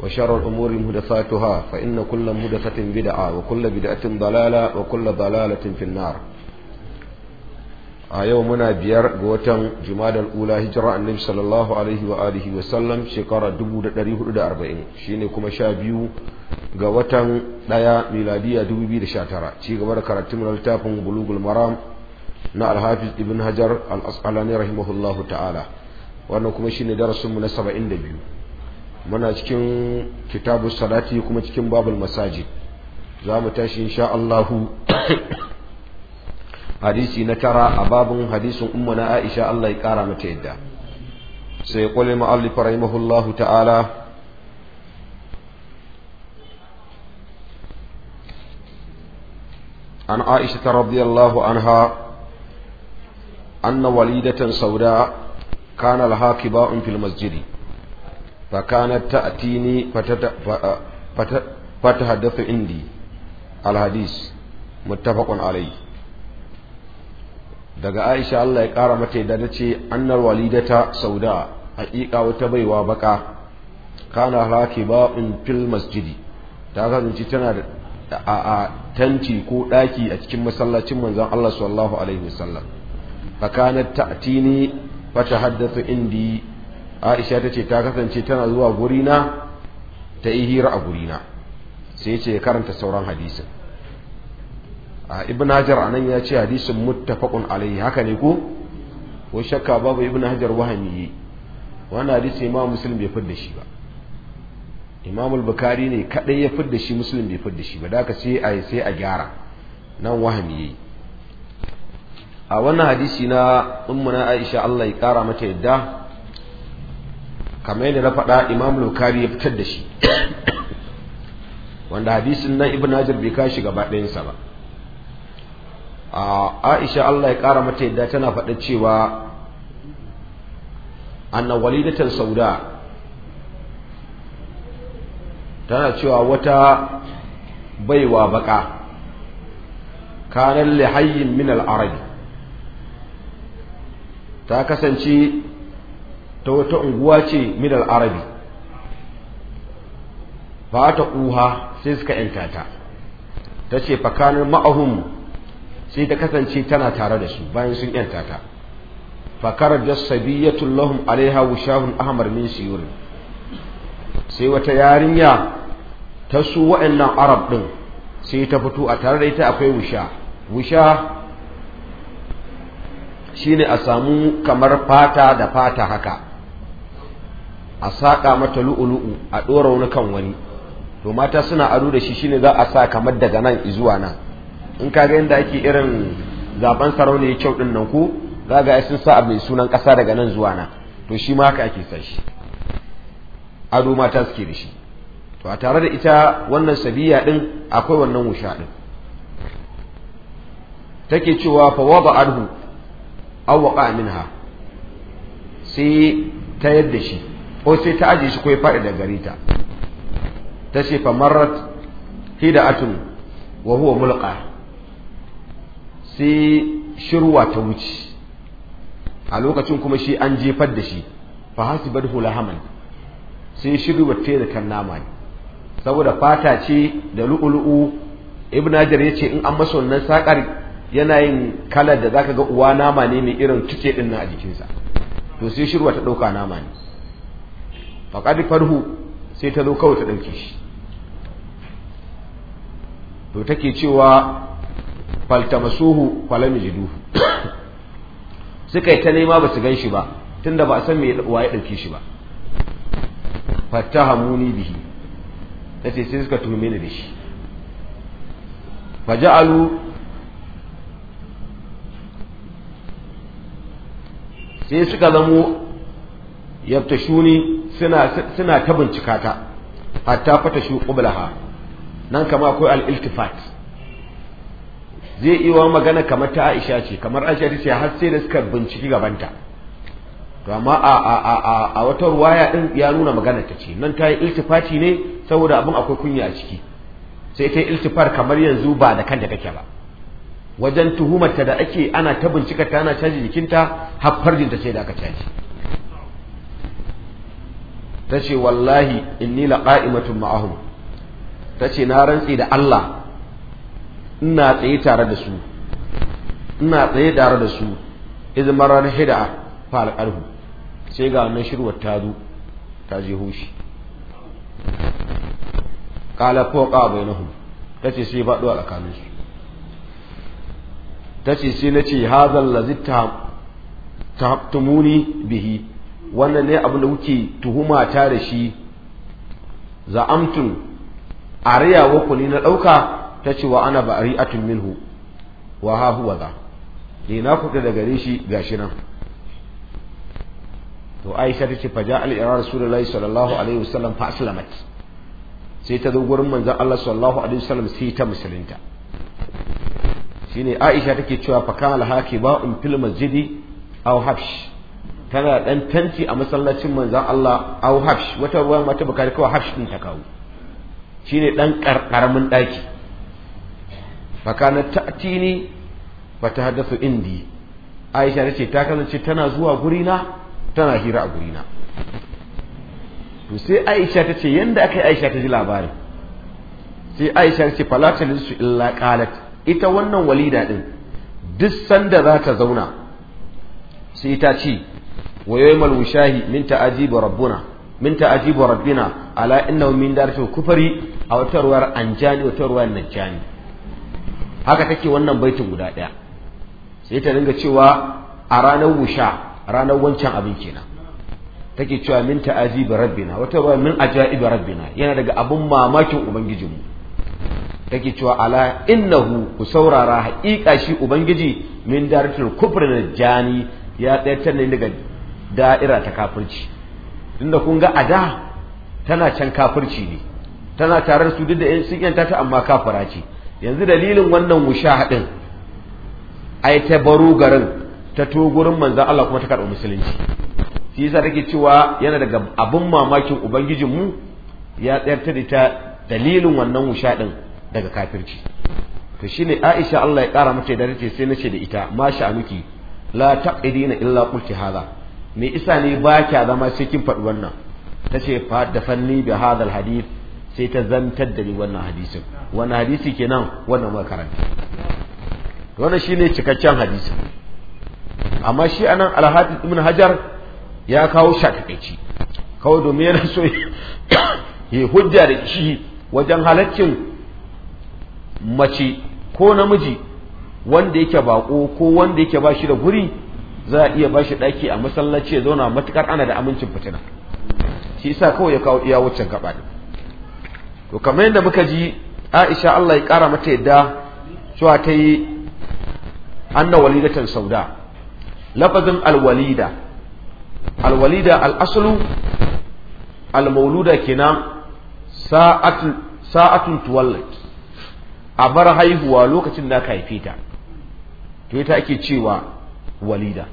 وشر الأمور مهدفاتها فإن كل مهدفة بدعة وكل بدعة ضلالة وكل ضلالة في النار a yau muna biyar ga watan jumadar ula hijira annabi sallallahu alaihi wa alihi wa sallam shekara 1440 shine kuma sha biyu ga watan ɗaya miladiya 2019 ci gaba da karatun littafin bulugul maram na alhafiz ibn hajar al-asqalani rahimahullahu ta'ala wannan kuma shine darasinmu na 72 muna cikin kitabu salati kuma cikin babul masajid za mu tashi insha Allahu hadisi na tara a babun hadisin umma na Aisha Allah ya kara mata yadda sai qul ma'allif rahimahullahu ta'ala an Aisha radiyallahu anha anna walidatan sauda kana laha kiba'un fil masjidi فكانت تأتيني فتحدث عندي الحديث متفق عليه daga Aisha Allah ya ƙara mata da ta ce annar walidata sauda haƙiƙa wata baiwa baka kana raki in fil masjidi ta kasance tana da a tanti ko ɗaki a cikin masallacin manzon Allah sallallahu alaihi wasallam fa kanat ta'tini fa tahaddathu indi aisha ta ce ta kasance tana zuwa gurina ta yi hira a gurina sai ce karanta sauran hadisin a ibn hajar anan ya ce hadisin muttafaqun alaihi haka ne ko ko shakka babu ibn hajar yi wannan hadisi imam muslim bai fidda shi ba imam al-bukhari ne kadai ya fidda shi muslim bai fidda shi ba da haka sai a sai a gyara nan wahani yi a wannan hadisi na ummuna aisha Allah ya kara mata yadda kamar yadda na faɗa imam lokari ya fitar da shi wanda hadisin nan ibn hajar bai kashi gaba ɗayansa ba aisha allah ya ƙara mata yadda tana faɗa cewa anna walidatan sauda tana cewa wata baiwa baƙa kanan lihayin min al'arabi ta kasance ta wata unguwa ce midal arabi Ba ta uha sai suka yanta ta ta ce fakanar ma'ahun sai ta kasance tana tare da su bayan sun yanta ta fakar da sabiyatul lahum alaiha wushahun ahmar min siyurin sai wata yarinya ta su wa'annan arab ɗin sai ta fito a tare da ita akwai wusha wusha shine a samu kamar fata da fata haka a saƙa mata lu'ulu'u a ɗora wani kan wani to mata suna ado da shi shine za a sa kamar daga nan zuwa nan in ka ga yadda ake irin zaben sarauniya kyau ɗin nan ko za ga sun sa mai sunan ƙasa daga nan zuwa nan to shi ma haka ake sa shi ado mata suke da shi to a tare da ita wannan sabiya ɗin akwai wannan wusha ɗin take cewa fa wada anhu aw waqa minha sai ta yadda shi ko sai ta aje shi ko ya faɗi da gare ta ta ce fa marrat hida'atun wa huwa mulqa sai shirwa ta wuce a lokacin kuma shi an jefar da shi fa hasibadhu lahaman sai shirwa ta da kan nama ne saboda fata ce da lu'ulu'u ibn hajar yace in an masa wannan sakar yana yin kalar da zaka ga uwa nama ne mai irin tuke din a jikinsa to sai shirwa ta dauka nama ne faqad farhu sai ta zo kawai ta ɗauke shi to take cewa faltamasuhu falam yajiduhu suka yi ta nema ba su gan shi ba tunda ba a san me wa ya ɗauke shi ba fattahamuni bihi nace sai suka tuhume ni da shi faja'alu sai suka zamo yaftashuni suna suna ta bincika ta hatta fatashu qublaha nan kama akwai al-iltifat zai iya magana kamar ta Aisha ce kamar Aisha ce har sai da suka binciki gabanta to amma a a a a wata ruwaya din ya nuna magana ta ce nan ta yi iltifati ne saboda abin akwai kunya a ciki sai ta yi iltifar kamar yanzu ba da kanta take ba wajen tuhumarta da ake ana ta bincika ta ana caji jikinta har farjinta sai da aka caji ta ce wallahi inni la qa'imatun ma'ahum ta ce na rantsi da Allah ina tsaye tare da su ina tsaye tare da su idan marar hida fa alqalbu sai ga wannan shirwar ta zo ta je hoshi qala foqa bainahum ce sai faɗo a tsakanin su tace sai nace hadha allazi tahtumuni bihi wannan ne abin da kuke tuhuma ta da shi za'amtun ariya wako ne na ɗauka ta ce wa ana ba ari'atun minhu wa ha huwa za ne na kuka da gare shi gashi nan to aisha ta ce fa ja al'ira rasulullahi sallallahu alaihi wasallam fa aslamat sai ta zo gurin manzon Allah sallallahu alaihi wasallam sai ta musulunta shine aisha take cewa fa kana ba in fil masjidi aw habsh tana dan tanti a masallacin manzon Allah au hafsh wata ruwa mata bukari kawai hafsh din ta kawo shine dan karkaramin daki fakana ta'tini fatahaddathu indi Aisha tace ta kasance tana zuwa gurina tana hira a gurina to sai Aisha tace yanda aka yi Aisha ta ji labarin sai Aisha tace fala su illa qalat ita wannan walida din duk sanda za ta zauna sai ta ce ويوم الوشاه من min ربنا من min ربنا على ala من min darfil kufari a watarwar anjani watarwar نجاني haka take wannan baitin guda daya sai ta dinga cewa a ranar wusha ranar wancan abin kenan take cewa min ta'ajibi rabbina wata ruwa min ajaib rabbina yana daga abun mamakin ubangijinmu take cewa ala innahu ku saurara haƙiƙa shi ubangiji min daratul kufr da jani ya tsayar ne daga da'ira ta kafirci tunda kun ga ada tana can kafirci ne tana tare su duk da sun yanta ta amma kafira ce yanzu dalilin wannan wusha haɗin ai ta baro garin ta to gurin manzan Allah kuma ta karɓi musulunci shi yasa take cewa yana daga abin mamakin ubangijinmu ya tsayar ta da dalilin wannan wusha din daga kafirci to shine Aisha Allah ya ƙara mata da ce sai nace da ita ma sha'anuki la taqidina illa qulti hadha Mai isa ne ba kya zama cikin kin faɗi wannan ta ce da fanni bi hadal hadith sai ta zantar da ni wannan hadisin wannan hadisi kenan wannan makaranta wannan shine cikakken hadisi amma shi anan al-hafiz ibn hajar ya kawo shakakaici kawai domin yana so ya hujja da shi wajen halaccin mace ko namiji wanda yake bako ko wanda yake ba shi da guri za a iya bashi daki a masallaci ya zauna matukar ana da amincin fitina shi yasa kawai ya kawo iya wucin gaba ne to kamar yadda muka ji Aisha Allah ya kara mata yadda cewa ta yi anna walidatan sauda lafazin alwalida alwalida al'asulu almauluda kenan sa'atun tuwallat a bar haihuwa lokacin da aka haife ta to ita ake cewa walida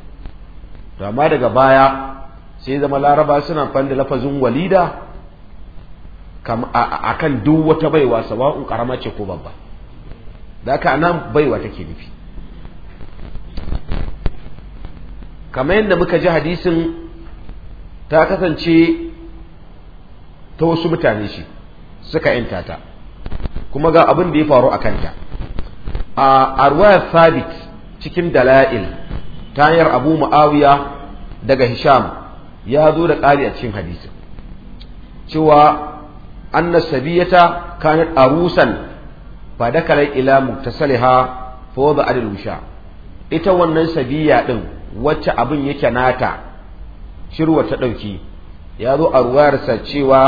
to amma daga baya sai zama laraba suna fanda lafazin walida akan duk wata baiwa sawa'un karama ce ko babba da haka nan baiwa take nufi kamar yadda muka ji hadisin ta kasance ta wasu mutane shi suka yanta ta kuma ga abin da ya faru a kanta a arwayar sabit cikin dala'il ta abu mu'awiya daga hisham ya zo da ƙari a cikin hadisin cewa anna sabiyata kanat arusan fa dakala ila muktasaliha fa wada adil musha ita wannan sabiya din wacce abin yake nata shirwa ta dauki ya zo a ruwayarsa cewa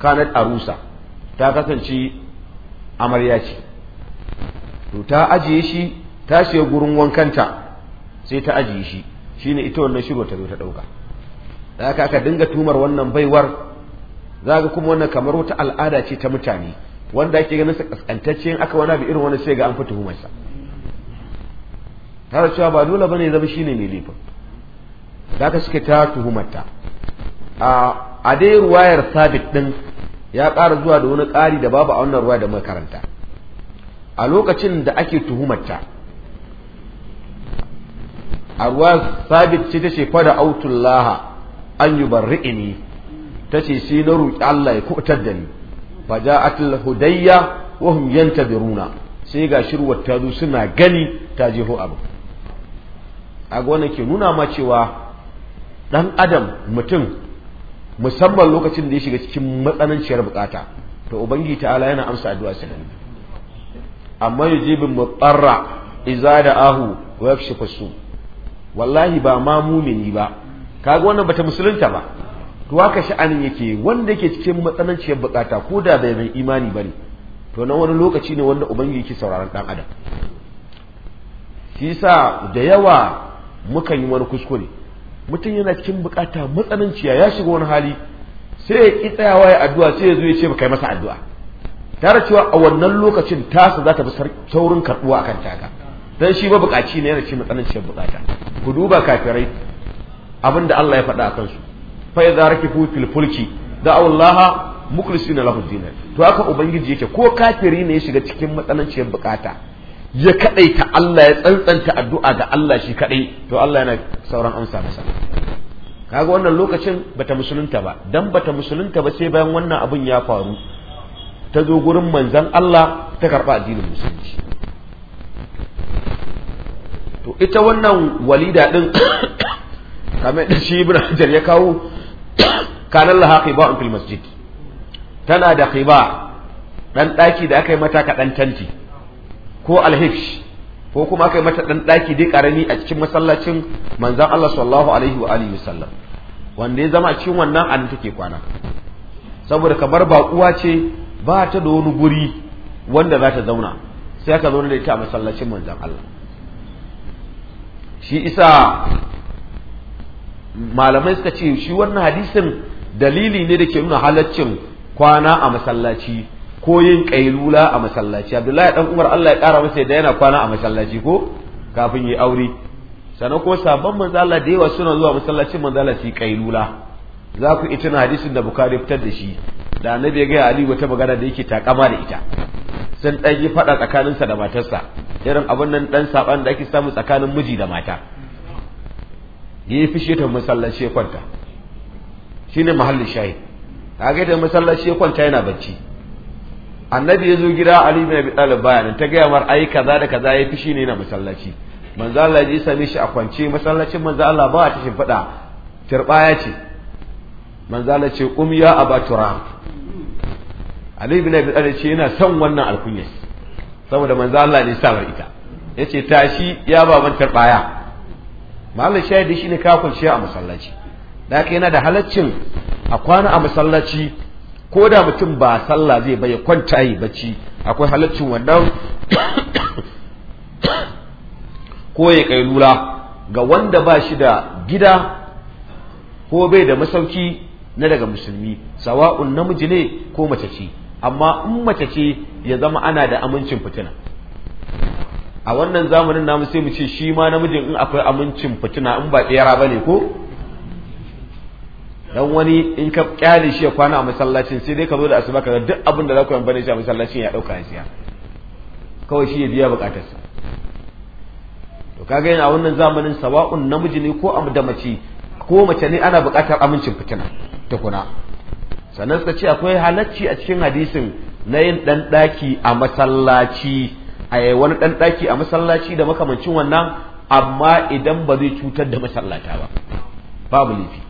kanat arusa ta kasance amarya ce to ta ajiye shi ta shiga gurin wankanta sai ta ajiye shi shine ita wannan shiro ta zo ta dauka da haka aka dinga tumar wannan baiwar zaga kuma wannan kamar wata al'ada ce ta mutane wanda ake ganin sa kaskantacce in aka wani abu irin wani sai ga an fi tuhumarsa tare cewa ba dole bane zama shine mai laifin da haka suke ta tuhumarta a dai ruwayar sabit ɗin ya ƙara zuwa da wani ƙari da babu a wannan ruwa da makaranta a lokacin da ake tuhumarta arwa sabit ce ce fada autullaha an ta ce sai na roƙi Allah ya kubutar da ni Ba faja'atul hudayya wa hum runa sai ga shirwar ta zo suna gani ta jeho abu a wannan ke nuna ma cewa dan adam mutum musamman lokacin da ya shiga cikin matsananciyar bukata to ubangiji ta'ala yana amsa addu'a ni. amma yujibul mutarra idza da'ahu wa yakshifu wallahi ba ma mumini ba kaga wannan bata musulunta ba to haka sha'anin yake wanda yake cikin matsananciyar bukata ko da bai mai imani bane to na wani lokaci ne wanda ubangiji yake sauraron dan adam shi yasa da yawa mukan yi wani kuskure mutum yana cikin bukata matsananciya ya shiga wani hali sai ya ki tsayawa ya addu'a sai ya zo ya ce kai masa addu'a tare cewa a wannan lokacin tasa za ta fi saurin a kan taka dan shi ba bukaci ne yana ci matsalancin bukata ku duba kafirai abinda Allah ya faɗa a kansu fa idza rakifu fil fulki da Allah mukhlisina lahu dinan to haka ubangiji yake ko kafiri ne ya shiga cikin matsalancin bukata ya kadaita Allah ya tsantsanta addu'a ga Allah shi kadai to Allah yana sauran amsa masa kaga wannan lokacin bata musulunta ba dan bata musulunta ba sai bayan wannan abun ya faru ta zo gurin manzon Allah ta karba addinin musulunci to ita wannan walida din kamar da shi ibn hajar ya kawo kanan laha an fil masjid tana da qiba dan daki da aka yi mata kaɗan tanti ko alhifsh ko kuma aka yi mata dan daki dai karami a cikin masallacin manzon Allah sallallahu alaihi wa alihi wasallam wanda ya zama a cikin wannan an take kwana saboda kamar baƙuwa ce ba ta da wani guri wanda za ta zauna sai aka zauna da ita a masallacin manzon Allah shi isa malamai suka ce shi wannan hadisin dalili ne da ke nuna halaccin kwana a masallaci ko yin kailula a masallaci abdullahi dan umar Allah ya kara masa da yana kwana a masallaci ko kafin yi aure sannan ko sabon manzo Allah da yawa suna zuwa masallacin manzo Allah su kailula za ku ita hadisin da bukari fitar da shi da annabi ya gaya ali wata magana da yake takama da ita sun dan yi fada tsakaninsa da matarsa irin abin nan dan saban da ake samu tsakanin miji da mata ya yi fishe ta masallaci ya kwanta shine mahallin shahid kaga da masallaci ya kwanta yana bacci annabi ya zo gida ali bin abi talib bayanin ta gaya mar ai kaza da kaza ya fishi ne na masallaci manzo Allah ya same shi a kwance masallacin manzo Allah ba ta shimfiɗa turbaya ce manzo Allah ce um ya aba Ali bin Abi Talib ce yana son wannan alkunya saboda manzo Allah ne sa ita yace tashi ya baban tarbaya malam shi shine ka kwanciya a masallaci da haka yana da halaccin a kwana a masallaci ko da mutum ba sallah zai bai kwanta yi bacci akwai halaccin wannan ko ya kai lula ga wanda ba shi da gida ko bai da masauki na daga musulmi sawa'un namiji ne ko mace ce amma in mace ce ya zama ana da amincin fitina a wannan zamanin namu sai mu ce shi ma namijin in akwai amincin fitina in ba bera bane ko dan wani in ka kyale shi ya kwana a masallacin sai dai ka zo da asuba ka duk abin da za ku yi shi a masallacin ya dauka siya kawai shi ya biya bukatarsa to kaga yana a wannan zamanin sawa'un namiji ne ko da mace ko mace ne ana bukatar amincin fitina tukuna sannan suka ce akwai halacci a cikin hadisin na yin ɗan ɗaki a masallaci a wani ɗan ɗaki a masallaci da makamancin wannan amma idan ba zai cutar da masallata ba babu laifi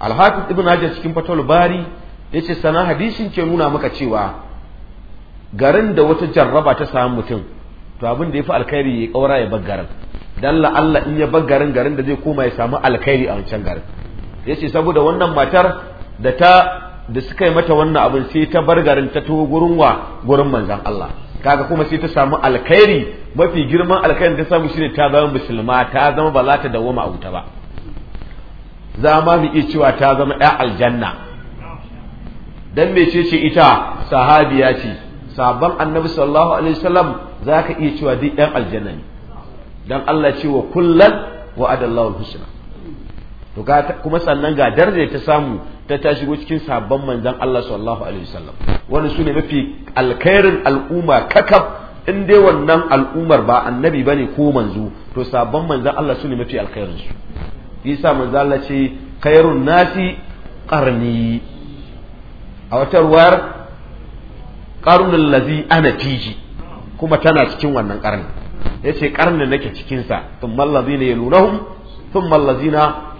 alhafiz ibn hajar cikin fatol bari yace sana hadisin ke nuna maka cewa garin da wata jarraba ta samu mutum to abin da yafi alkhairi ya kaura ya baggaran dan la Allah in ya baggaran garin da zai koma ya samu alkhairi a wancan garin yace saboda wannan matar da ta da suka yi mata wannan abin sai ta bar garin ta to gurin wa gurin manzan Allah kaga kuma sai ta samu alkhairi mafi girman alkhairin ta samu shine ta zama musulma ta zama ba za ta dawoma a wuta ba za ma mu iya cewa ta zama ya aljanna dan mece ce ita sahabiya ce sabon annabi sallallahu alaihi wasallam zaka iya cewa duk yan aljanna ne dan Allah ce wa kullan wa adallahu husna to kuma sannan ga darje ta samu ta ta shigo cikin sabon manzon Allah sallallahu alaihi wasallam wannan sune mafi alkhairin al'umma kakaf in dai wannan al'ummar ba annabi bane ko manzo to sabon manzon Allah sune mafi alkhairin su yasa manzon Allah ce khairun nasi qarni a wata ruwar qarnul ladzi ana fiji kuma tana cikin wannan qarni yace qarnin nake cikin sa thumma alladhina yalunahum ثم الذين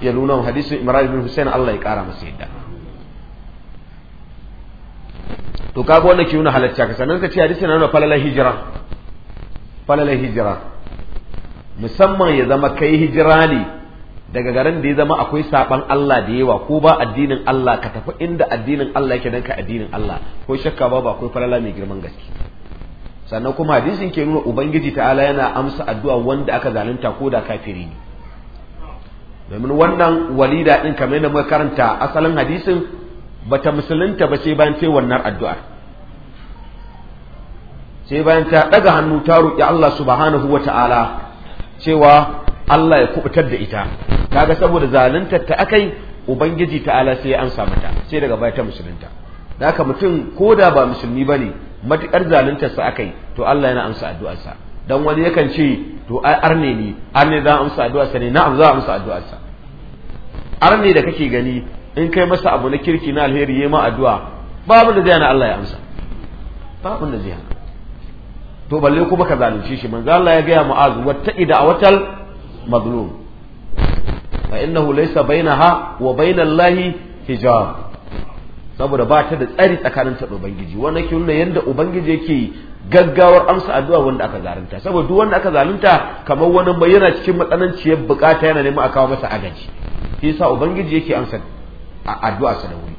يلونهم hadisin imran بن حسين Allah ya kara masa yadda to kaga wannan ke nuna halacca ka sannan ka ce hadisi na nuna falalar hijira falalar hijira musamman ya zama kai hijira ne daga garin da ya zama akwai saban Allah da yawa ko ba addinin Allah ka tafi inda addinin Allah yake dan addinin Allah ko shakka ba ba akwai falala mai girman gaske sannan kuma hadisin ke nuna ubangiji ta'ala yana amsa addu'a wanda aka zalunta ko da kafiri ne domin wannan walida ɗin kamar yadda muka karanta asalin hadisin ba ta musulunta ba sai bayan ce wannan addu'ar sai bayan ta daga hannu ta roƙi Allah subhanahu wa ta'ala cewa Allah ya kubutar da ita Ta ga saboda zaluntar ta akai ubangiji ta'ala sai ya amsa mata sai daga baya ta musulunta da aka mutum ko da ba musulmi bane matukar zaluntar sa akai to Allah yana amsa addu'arsa dan wani yakan ce to ai arne ne arne za a amsa addu'a sa ne na'am za a amsa addu'a sa arne da kake gani in kai masa abu na kirki na alheri yayi ma addu'a babu da zai na Allah ya amsa babu da zai to balle kuma ka zalunci shi manzo Allah ya gaya mu'azu wata ida watal mazlum fa innahu laysa bainaha wa bainallahi hijab saboda ba ta da tsari tsakanin ta ubangiji wannan ke nuna yadda ubangiji yake gaggawar amsa addu'a wanda aka zalunta saboda duk wanda aka zalunta kamar wani mai yana cikin matsananciyar bukata yana neman a kawo masa agaji shi yasa ubangiji yake amsa addu'a sa da wuri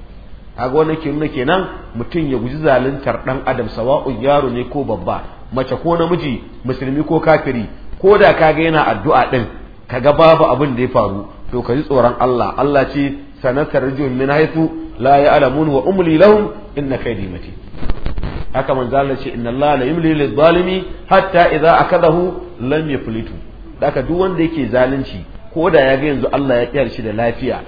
kaga wannan ke nuna kenan mutum ya guji zaluntar dan adam sawa'un yaro ne ko babba mace ko namiji musulmi ko kafiri ko da kaga yana addu'a din kaga babu abin da ya faru to ka ji tsoron Allah Allah ce sanatar rajul min haythu la ya'lamun wa umli lahum inna kaydi matin haka manzo Allah ce inna Allah la yumli lil zalimi hatta idza akadahu lam yaflitu haka duk wanda yake zalunci ko da ya ga yanzu Allah ya kiyar shi da lafiya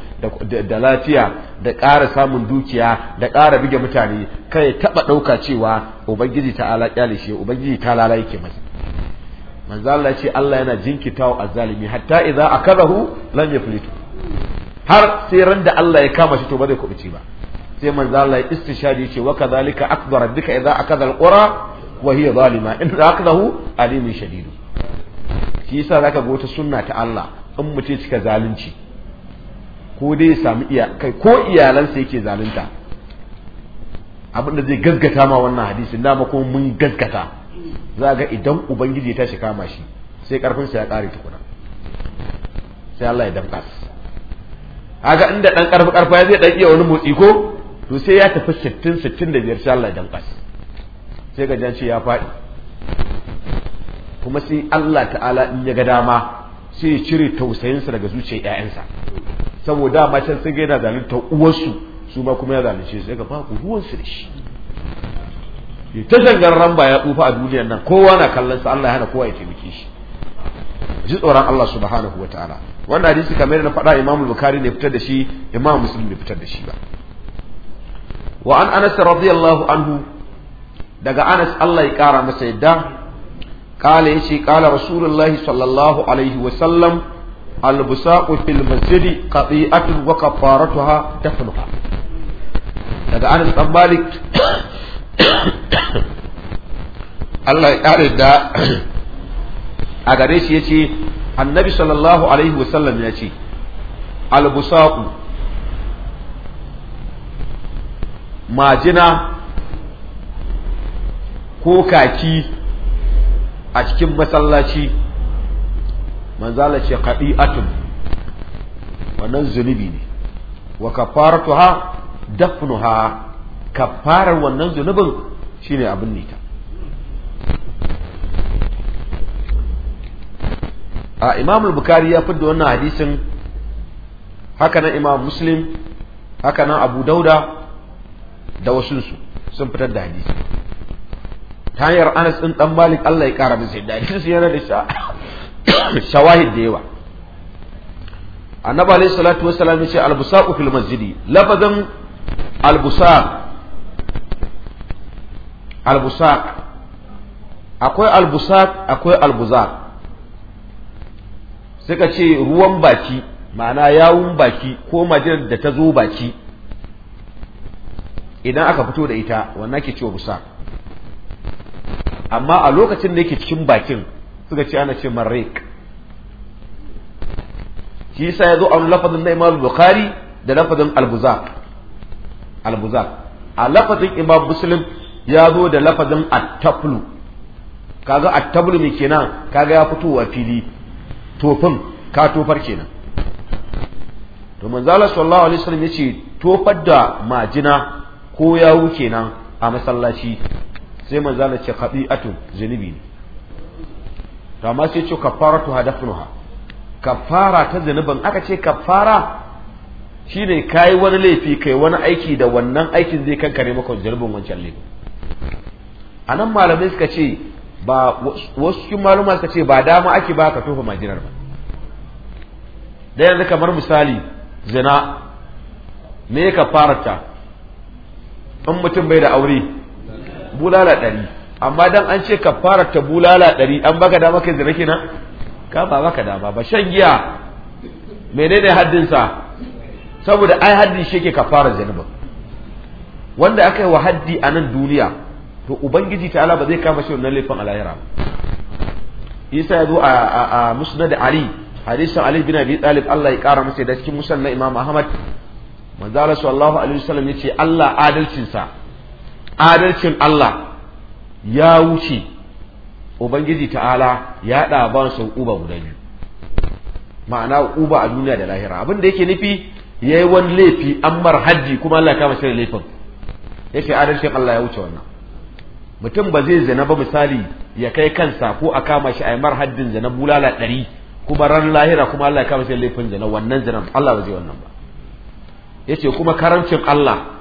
da lafiya da ƙara samun dukiya da ƙara bige mutane kai taɓa ɗauka cewa ubangiji ta ala kyale shi ubangiji ta lala yake masa manzo Allah ce Allah yana jinkitawa azzalimi hatta idza akadahu lam yaflitu har sai ran da Allah ya kama shi to ba zai kubuci ba sai manzo Allah ya istishadi ce wa kadhalika akbar rabbika idza akadha alqura wa hiya zalima in akadahu alimin shadidu shi yasa zaka ga wata sunna ta Allah in mutum cika zalunci ko dai ya samu iya kai ko iyalansa yake zalunta abin da zai gaggata ma wannan hadisin dama ko mun gaggata za ga idan ubangiji ya tashi kama shi sai karfinsa ya kare tukuna sai Allah ya damƙa su haka inda ɗan ƙarfi ƙarfa ya zai ɗan iya wani motsi ko to sai ya tafi sittin sittin da biyar Allah dan kas sai ga ya faɗi kuma sai Allah ta'ala in ya ga dama sai ya cire tausayinsa daga zuciyar ƴaƴansa saboda ma can sai ga yana zalunta uwarsu su ma kuma ya zalunce sai ga ba ku ruwansu da shi Ya ta shangarran ba ya tsufa a duniyar nan kowa na kallon sa Allah ya hana kowa ya taimake shi ji tsoron Allah subhanahu wataala wannan hadisi kamar na faɗa imamul Bukhari ne fitar da shi Imam Muslim ne fitar da shi ba wa an anas radiyallahu anhu daga anas Allah ya kara masa yadda kala yace kala rasulullahi sallallahu alaihi wa sallam albusaqu fil masjidi qati'atun wa kafaratuha tafnuha daga anas dan malik Allah ya kare da a gare shi yace annabi sallallahu alaihi wa sallam yace albusaqu majina ko kaki a cikin masallaci manzala ce qadi'atun wannan zunubi ne wa kafaratuha dafnuha kafarar wannan zunubin shine abin nita a imam al-bukhari ya fidda wannan hadisin haka nan imam muslim haka abu dauda da wasunsu sun fitar da hadisi ta hanyar anas ɗin ɗan malik allah ya ƙara masa da hadisin yana da shawahid da yawa annabi alayhi salatu wassalam ce albusaqu fil masjid lafazan albusaq albusaq akwai albusaq akwai albuzaq suka ce ruwan baki ma'ana yawun baki ko majalar da ta zo baki idan aka fito da ita wannan ke ciwo busa amma a lokacin da yake cikin bakin suka ce ana ce marrek shi yasa yazo zo a wani lafazin na imam bukhari da lafazin al a lafazin imam muslim ya zo da lafazin attaflu kaga attaflu ne kenan kaga ya fito a fili tofin ka tofar kenan to manzala sallallahu alaihi wasallam yace tofar da majina ko ya wuke nan a masallaci sai manzo Allah ce khabi'atu zunubi ne to amma sai ce kafaratu hadafnuha kafara ta zunubin aka ce kafara shine kai wani laifi kai wani aiki da wannan aikin zai kankare maka zunubin wancan laifin anan malamai suka ce ba wasu cikin maluma suka ce ba dama ake ba ka tofa majinar ba da yanzu kamar misali zina me ka fara ta? in mutum bai da aure bulala ɗari amma dan an ce ka fara ta bulala ɗari an baka dama kai zina kina ka ba baka dama ba shan giya menene haddinsa saboda ai haddi shi yake fara zina wanda aka yi wa haddi a nan duniya to ubangiji ta'ala ba zai kama shi wannan laifin a isa ya zo a musnad ali hadisin ali bin abi talib Allah ya kara masa da cikin musnad imam ahmad manzara sallallahu alaihi wasallam ce Allah adalcinsa adalcin Allah ya wuce ubangiji ta'ala ya da ban uba guda biyu ma'ana uba a duniya da lahira abin da yake nufi yi wani laifi an mara haddi kuma Allah ya kama shirin laifin Ya ce adalcin Allah ya wuce wannan mutum ba zai zina ba misali ya kai kansa ko a kama shi a yi haddin zina bulala ɗari kuma ran lahira kuma Allah ya kama shi laifin zina wannan zina Allah ba zai wannan ba yace kuma karamcin Allah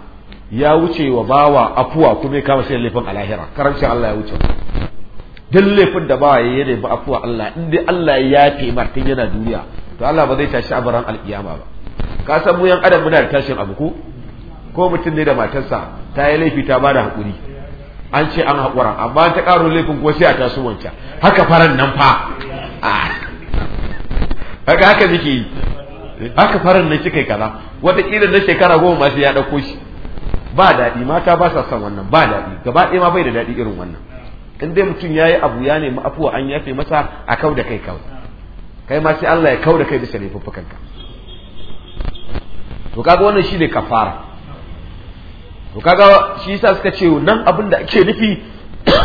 ya wuce wa bawa afuwa kuma ya kama shi laifin alahira karamcin Allah ya wuce duk laifin da bawa ya nemi afuwa Allah in dai Allah ya yafe martin yana duniya to Allah ba zai tashi a baran alkiyama ba ka san mu yan adam muna da tashin abu ko ko mutum ne da matarsa ta yi laifi ta bada hakuri an ce an haƙura amma ta ƙaro laifin ko sai a taso wancan haka faran nan fa ah. haka haka nake yi aka farin ne kika kaza wataƙila na shekara goma ma sai ya ɗauko shi ba daɗi mata ba sa son wannan ba daɗi gaba ɗaya ma bai da daɗi irin wannan in dai mutum ya yi abu ya nemi afuwa an yafe masa a kau da kai kawai kai ma sai Allah ya kau da kai bisa laifuffukanka to kaga wannan shi ne kafara to kaga shi yasa suka ce nan abin da ake nufi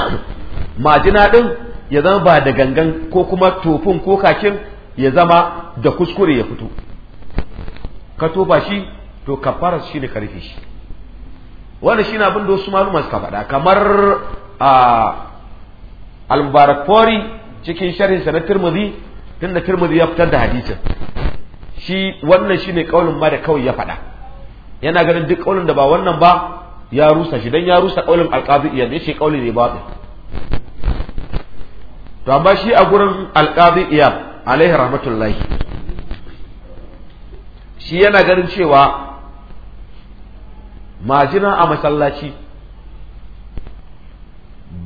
majina ɗin ya zama ba da gangan ko kuma tofin ko kakin ya zama da kuskure ya fito ka tofa shi to kafara shi ne ka rufe shi na shine abin da wasu maluma suka faɗa kamar a albarakori cikin sharinsa sa na tun da Tirmidhi ya fitar da hadisin shi wannan ne kaulin ma da kawai ya faɗa yana ganin duk kaulin da ba wannan ba ya rusa shi don ya rusa kaulin alkazi iya ne shi kauli ne ba to amma shi a gurin alkazi iya alaihi rahmatullahi shi yana ganin cewa majina a masallaci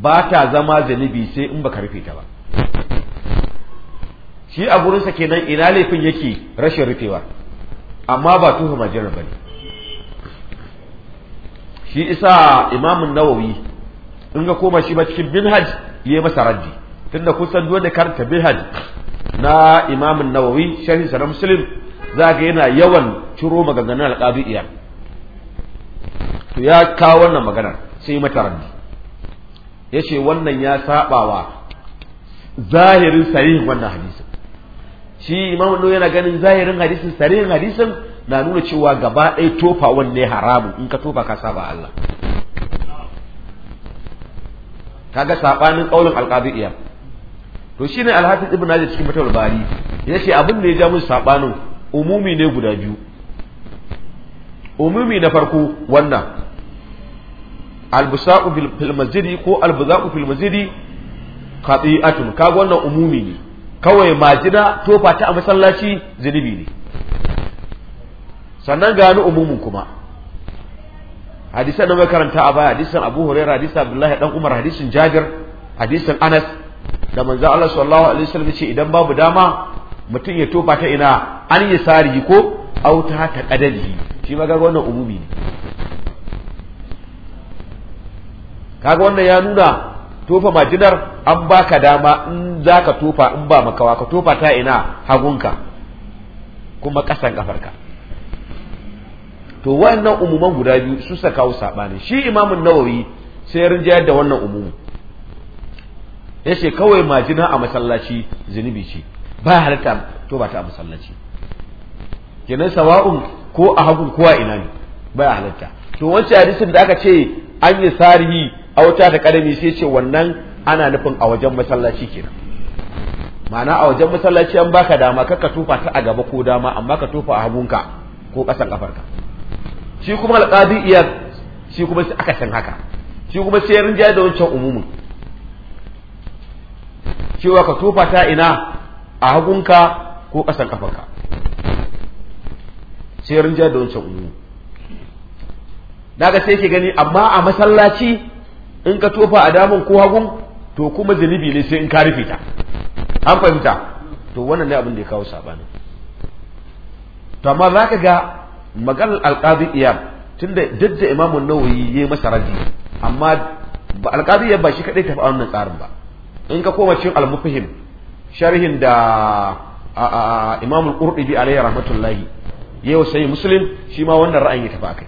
ba ta zama zanibi sai in baka rufe ta ba shi a gurinsa kenan ina laifin yake rashin rufewa amma ba tuhu majina ba ne shi isa imamun nawawi in ga koma shi ba cikin binhaj ya masa raddi tunda kusan dole karta binhaj na imamun nawawi shahin sa na muslim za ga yana yawan ciro maganganun alƙabi'iya to ya kawo wannan maganar sai mata raddi ya ce wannan ya saɓawa zahirin sarihin wannan hadisin shi imam no yana ganin zahirin hadisin sarihin hadisin na nuna cewa gaba ɗaya tofa wanne haramu, in ka tofa ka saba Allah kaga sabanin kaulin alqadiyya to shine alhafiz ibn da cikin fatawul bari yace abin da ya ja mun sabanin umumi ne guda biyu umumi na farko wannan albusa'u fil masjidi ko albuza'u fil masjidi qati'atun kaga wannan umumi ne kawai majida tofa ta a masallaci zunubi ne sannan ga ni umumin kuma hadisan da karanta a baya hadisan Abu Hurairah hadisan Abdullah dan Umar hadisan Jabir hadisan Anas da manzo Allah sallallahu alaihi wasallam ce idan babu dama mutum ya tofa ta ina an yi sari ko auta ta qadarihi shi ma wannan umumi ne kaga wannan ya nuna tofa majinar an baka dama in zaka tofa in ba makawa ka tofa ta ina hagunka kuma kasan kafarka to wannan umuman guda biyu su sa kawo sabani shi imamun nawawi sai ya rinjayar da wannan umumu ce kawai majina a masallaci zunubi ce ba halatta to ba ta a masallaci kenan sawa'un ko a hagun ko a ina ne baya halatta to wancan hadisin da aka ce an yi sarihi a wata da karami sai ce wannan ana nufin a wajen masallaci kenan ma'ana a wajen masallaci an baka dama kar ka tufa ta a gaba ko dama amma ka tufa a hagunka ko ƙasan kafarka shi kuma alƙadi iya shi kuma aka san haka shi kuma sai rinjaye da wancan umumin cewa ka tufa ta ina a hagunka ko ƙasan kafarka sai rinja da wancan umu daga sai ke gani amma a masallaci in ka tofa a damun ko hagun to kuma zunubi ne sai in ka rufe ta an fahimta to wannan ne abin da ya kawo sabani to amma za ka ga maganar alƙadi iyam tunda duk da imamun nawayi ya yi masa raji amma alƙadi iyam ba shi kaɗai tafi a wannan tsarin ba in ka koma cin almufihim sharhin da imamul qurtubi alayhi rahmatullahi yau sai musulun shi ma wannan ra'ayin ya tafi akai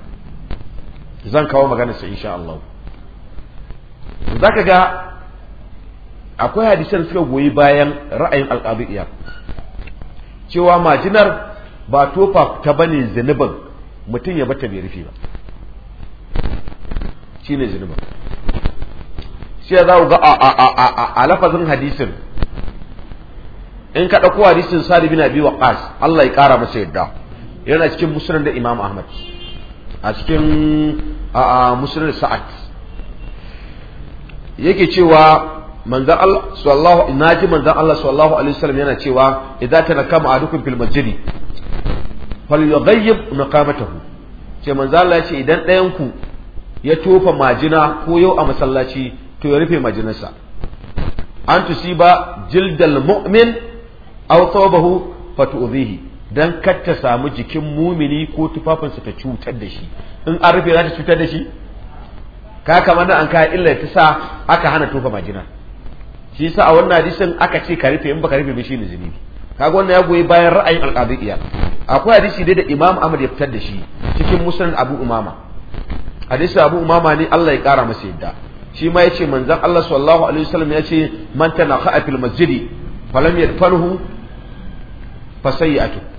zan kawo magana sai insha Allah zaka ga akwai hadisan suka goyi bayan ra'ayin alqadiyya cewa majinar ba tofa ta bane zinubin mutum ya bata bai rufe ba shine zinubin sai za ku ga a lafazin hadisin in ka ɗauko hadisin sa'ad bin abi waqas Allah ya ƙara masa yadda yana cikin musulun da Imam Ahmad a cikin a musnad Sa'ad yake cewa manzan Allah sallallahu naji manzan Allah sallallahu alaihi wasallam yana cewa idza tanakama ahadukum fil masjidi falyughayyib maqamatahu ce manzan Allah ce idan ɗayanku ya tofa majina ko yau a masallaci to ya rufe majinarsa an tusiba jildal mu'min aw thawbahu fatu'dhihi don kar ta samu jikin mumini ko tufafinsa ta cutar da shi in an rufe za ta cutar da shi ka kamar da an kaya illa ta sa aka hana tofa majina shi sa a wannan hadisin aka ce ka rufe in baka rufe ba shine zunubi kaga wannan ya goyi bayan ra'ayin alqadiyya akwai hadisi dai da Imam Ahmad ya fitar da shi cikin Musnad Abu Umama hadisi Abu Umama ne Allah ya kara masa yadda shi ma yace manzon Allah sallallahu alaihi wasallam na man tanaka fil masjidi falam yadfanhu fasayyatu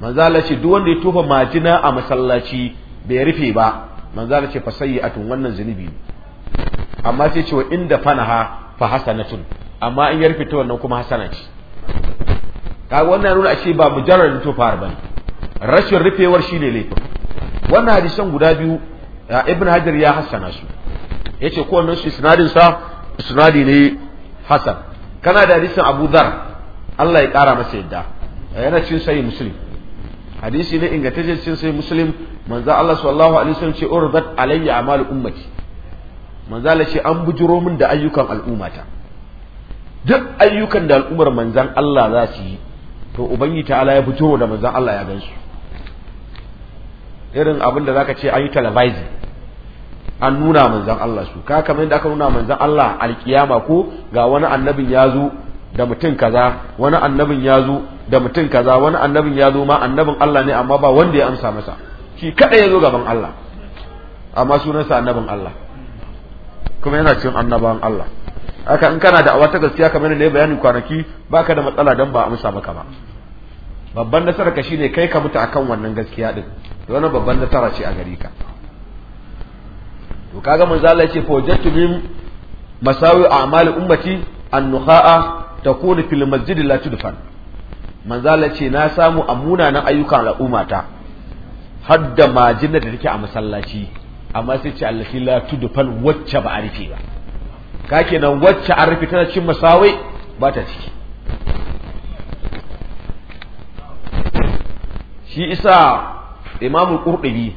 manzala ce duk wanda ya tofa majina a masallaci bai rufe ba manzala ce fasayyatun wannan zunubi amma sai ce wa inda fanaha fa hasanatun amma in ya rufe ta wannan kuma hasana ce kaga wannan nuna a ce ba mujarrad tofa ba rashin rufewar shine laifin wannan hadisan guda biyu ibn hajar ya hassana su yace ko wannan su sunadin sa sunadi ne hasan kana da hadisin abu dhar Allah ya kara masa yadda yana cin sai muslim hadisi ne ingantaccen cin sai muslim manzo Allah sallallahu alaihi wasallam ce urdat alayya amal ummati manzo Allah ce an bujuro min da ayyukan al'ummata duk ayyukan da al'ummar manzan Allah za su yi to ubangiji ta'ala ya bujuro da manzan Allah ya gansu irin abin da zaka ce an yi televising an nuna manzan Allah su ka kamar yadda aka nuna manzan Allah alkiyama ko ga wani annabin ya zo da mutum kaza wani annabin ya zo da mutum kaza wani annabin ya zo ma annabin Allah ne amma ba wanda ya amsa masa shi kada ya zo gaban Allah amma sunansa annabin Allah kuma yana cikin annabawan Allah haka in kana da awa ta gaskiya kamar ne bayanin kwanaki baka da matsala dan ba amsa maka ba babban ka shine kai ka mutu akan wannan gaskiya din wannan babban nasara ce a gare ka to kaga manzo Allah ya ce fawajtu min masawi a'mal ummati an-nuha'a takunu fil masjid la tudfan manzala ce na samu a munanan ayyukan al'umma ta. da majinar da take a masallaci amma sai ce allafi la tudfan wacce ba a rufe ba ka kenan wacce an rufe tana cin masawai ba ta ciki shi isa imamul qurtubi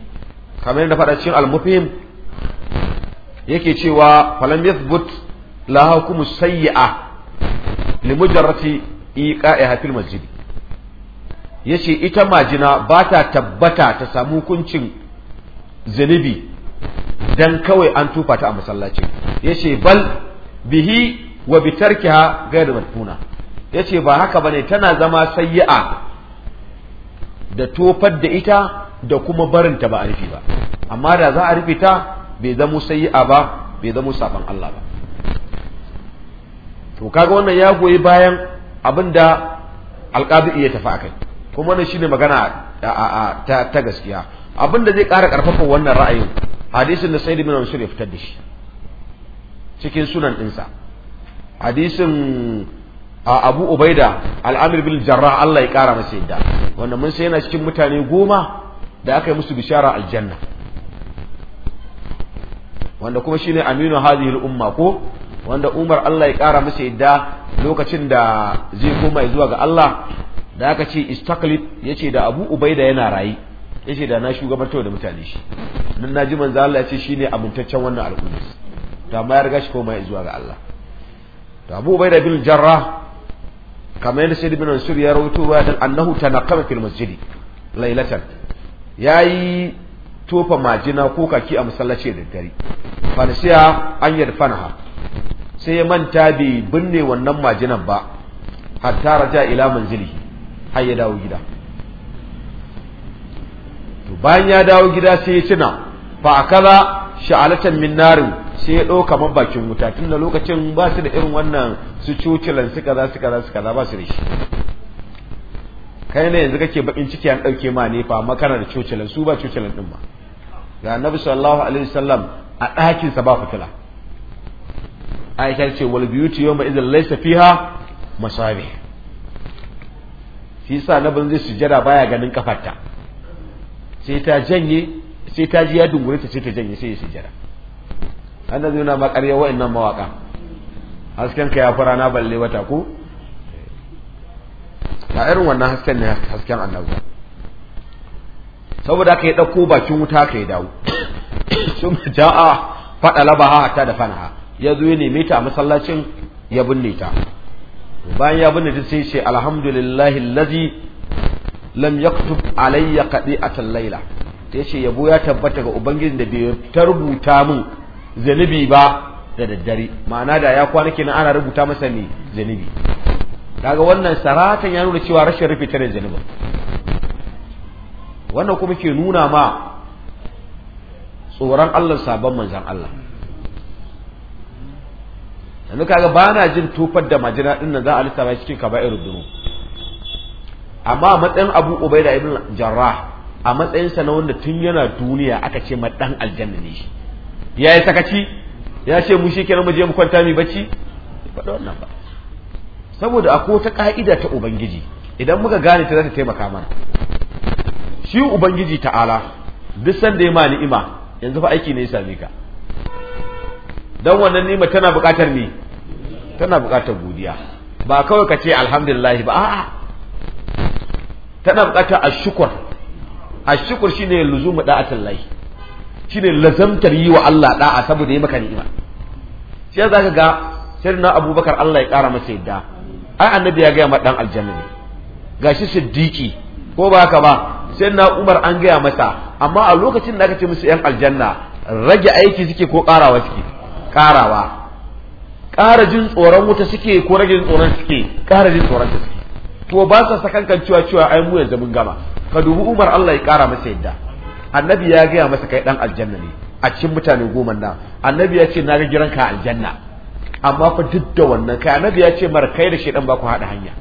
kamar yadda faɗa cikin al yake cewa falam yathbut la hukumu sayyi'a limujarrati iqa'iha masjidi masjid yace ita majina ba ta tabbata ta samu hukuncin zunubi dan kawai an tufa ta a masallaci yace bal bihi wa bi tarkiha ghayr Ya yace ba haka ba ne tana zama sayyi'a da tofar da ita da kuma barinta ba a rufe ba amma da za a rufe ta bai zamo sayyi'a ba bai zamo saban Allah ba to kaga wannan ya goyi bayan abinda da alƙadi iya tafi akai kuma wannan shine magana ta gaskiya abinda zai ƙara ƙarfafa wannan ra'ayin hadisin da sayyid ibn mansur ya fitar da shi cikin sunan ɗinsa hadisin abu ubaida al'amir bin jarra Allah ya ƙara masa yadda wanda mun sai yana cikin mutane goma da aka yi musu bishara aljanna wanda kuma shine aminu hadhihi al-umma ko wanda Umar Allah ya kara masa yadda lokacin da zai koma zuwa ga Allah da aka ce ya ce da Abu Ubaida yana ya ce da na shugabantar da mutane shi nan ji manzo Allah ya ce shi ne amintaccen wannan al'umma to amma ya riga shi koma zuwa ga Allah to Abu Ubaida bin Jarra, kamar yadda sai bin Ansur ya rawaito wa dan annahu kama fil masjidi lailatan yayi tofa majina ko kaki a masallaci da dare fansiya an yadfanaha sai ya manta bai binne wannan majinan ba hatta raja ila manzili har ya dawo gida to bayan ya dawo gida sai ya cina fa kaza sha'alatan min narin sai ya ɗauka mabakin wuta tun da lokacin ba su da irin wannan su cucilan su kaza su kaza su kaza ba su da shi kai ne yanzu kake bakin ciki an ɗauke ma ne fa makana da cucilan su ba cucilan din ba ga annabi sallallahu alaihi wasallam a ɗakinsa ba fitila aisha ce wal biyuti yawma idzal laysa fiha masabi shi sa na banzai zai sujjada baya ganin kafarta sai ta janye sai ta ji ya dungure ta sai ta janye sai ya sujjada annan zai na ma ƙarya wa'annan mawaka hasken ka ya fara na balle wata ko ta irin wannan hasken ne hasken annabi saboda ka yi ɗauko bakin wuta ka yi dawo sun ja'a faɗa labaha hatta da fanaha ya zo ya neme ta a masallacin ya binne ta bayan ya binne ta sai ce alhamdulillahi lazi lam yaktub alayya qadi'atan layla ta ce yabo ya tabbata ga Ubangiji da bai ta rubuta min zanubi ba da daddare ma'ana da ya kwana kenan ana rubuta masa ne zanubi kaga wannan saratan ya nuna cewa rashin rufe ta da zanubin wannan kuma ke nuna ma tsoron Allah sabon manzan Allah yanzu kaga ba na jin tufar da majina din nan za a lissafa cikin kaba'irud dunu amma a matsayin Abu Ubaida ibn Jarrah a matsayin sa na wanda tun yana duniya aka ce ma dan aljanna ne shi yayi sakaci ya ce mu shikenan mu je mu kwanta mu bacci faɗa wannan ba saboda akwai wata ka'ida ta ubangiji idan muka gane ta za ta taimaka mana shi ubangiji ta'ala duk sanda ya ma ni'ima yanzu fa aiki ne ya same ka dan wannan nima tana buƙatar me tana buƙatar godiya ba kawai ka ce alhamdulillah ba a'a tana buƙatar ashkur ashkur shine luzumu da'atillahi shine lazamtar yi wa Allah da'a saboda yayi maka ni'ima shi yasa ka ga sirna abubakar Allah ya ƙara masa yadda ai annabi ya gaya ma dan aljanna ne gashi siddiqi ko ba haka ba sai na umar an gaya masa amma a lokacin da aka ce musu yan aljanna rage aiki suke ko karawa suke ƙarawa ƙara jin tsoron wuta suke ko rage jin tsoron suke ƙara jin tsoron ta suke to ba sa kan cewa cewa ai mu yanzu mun gama ka dubi Umar Allah ya ƙara masa yadda annabi ya gaya masa kai dan aljanna ne a cikin mutane goma nan annabi ya ce na ga ka aljanna amma fa duk da wannan kai annabi ya ce mar kai da shedan ba ku haɗa hanya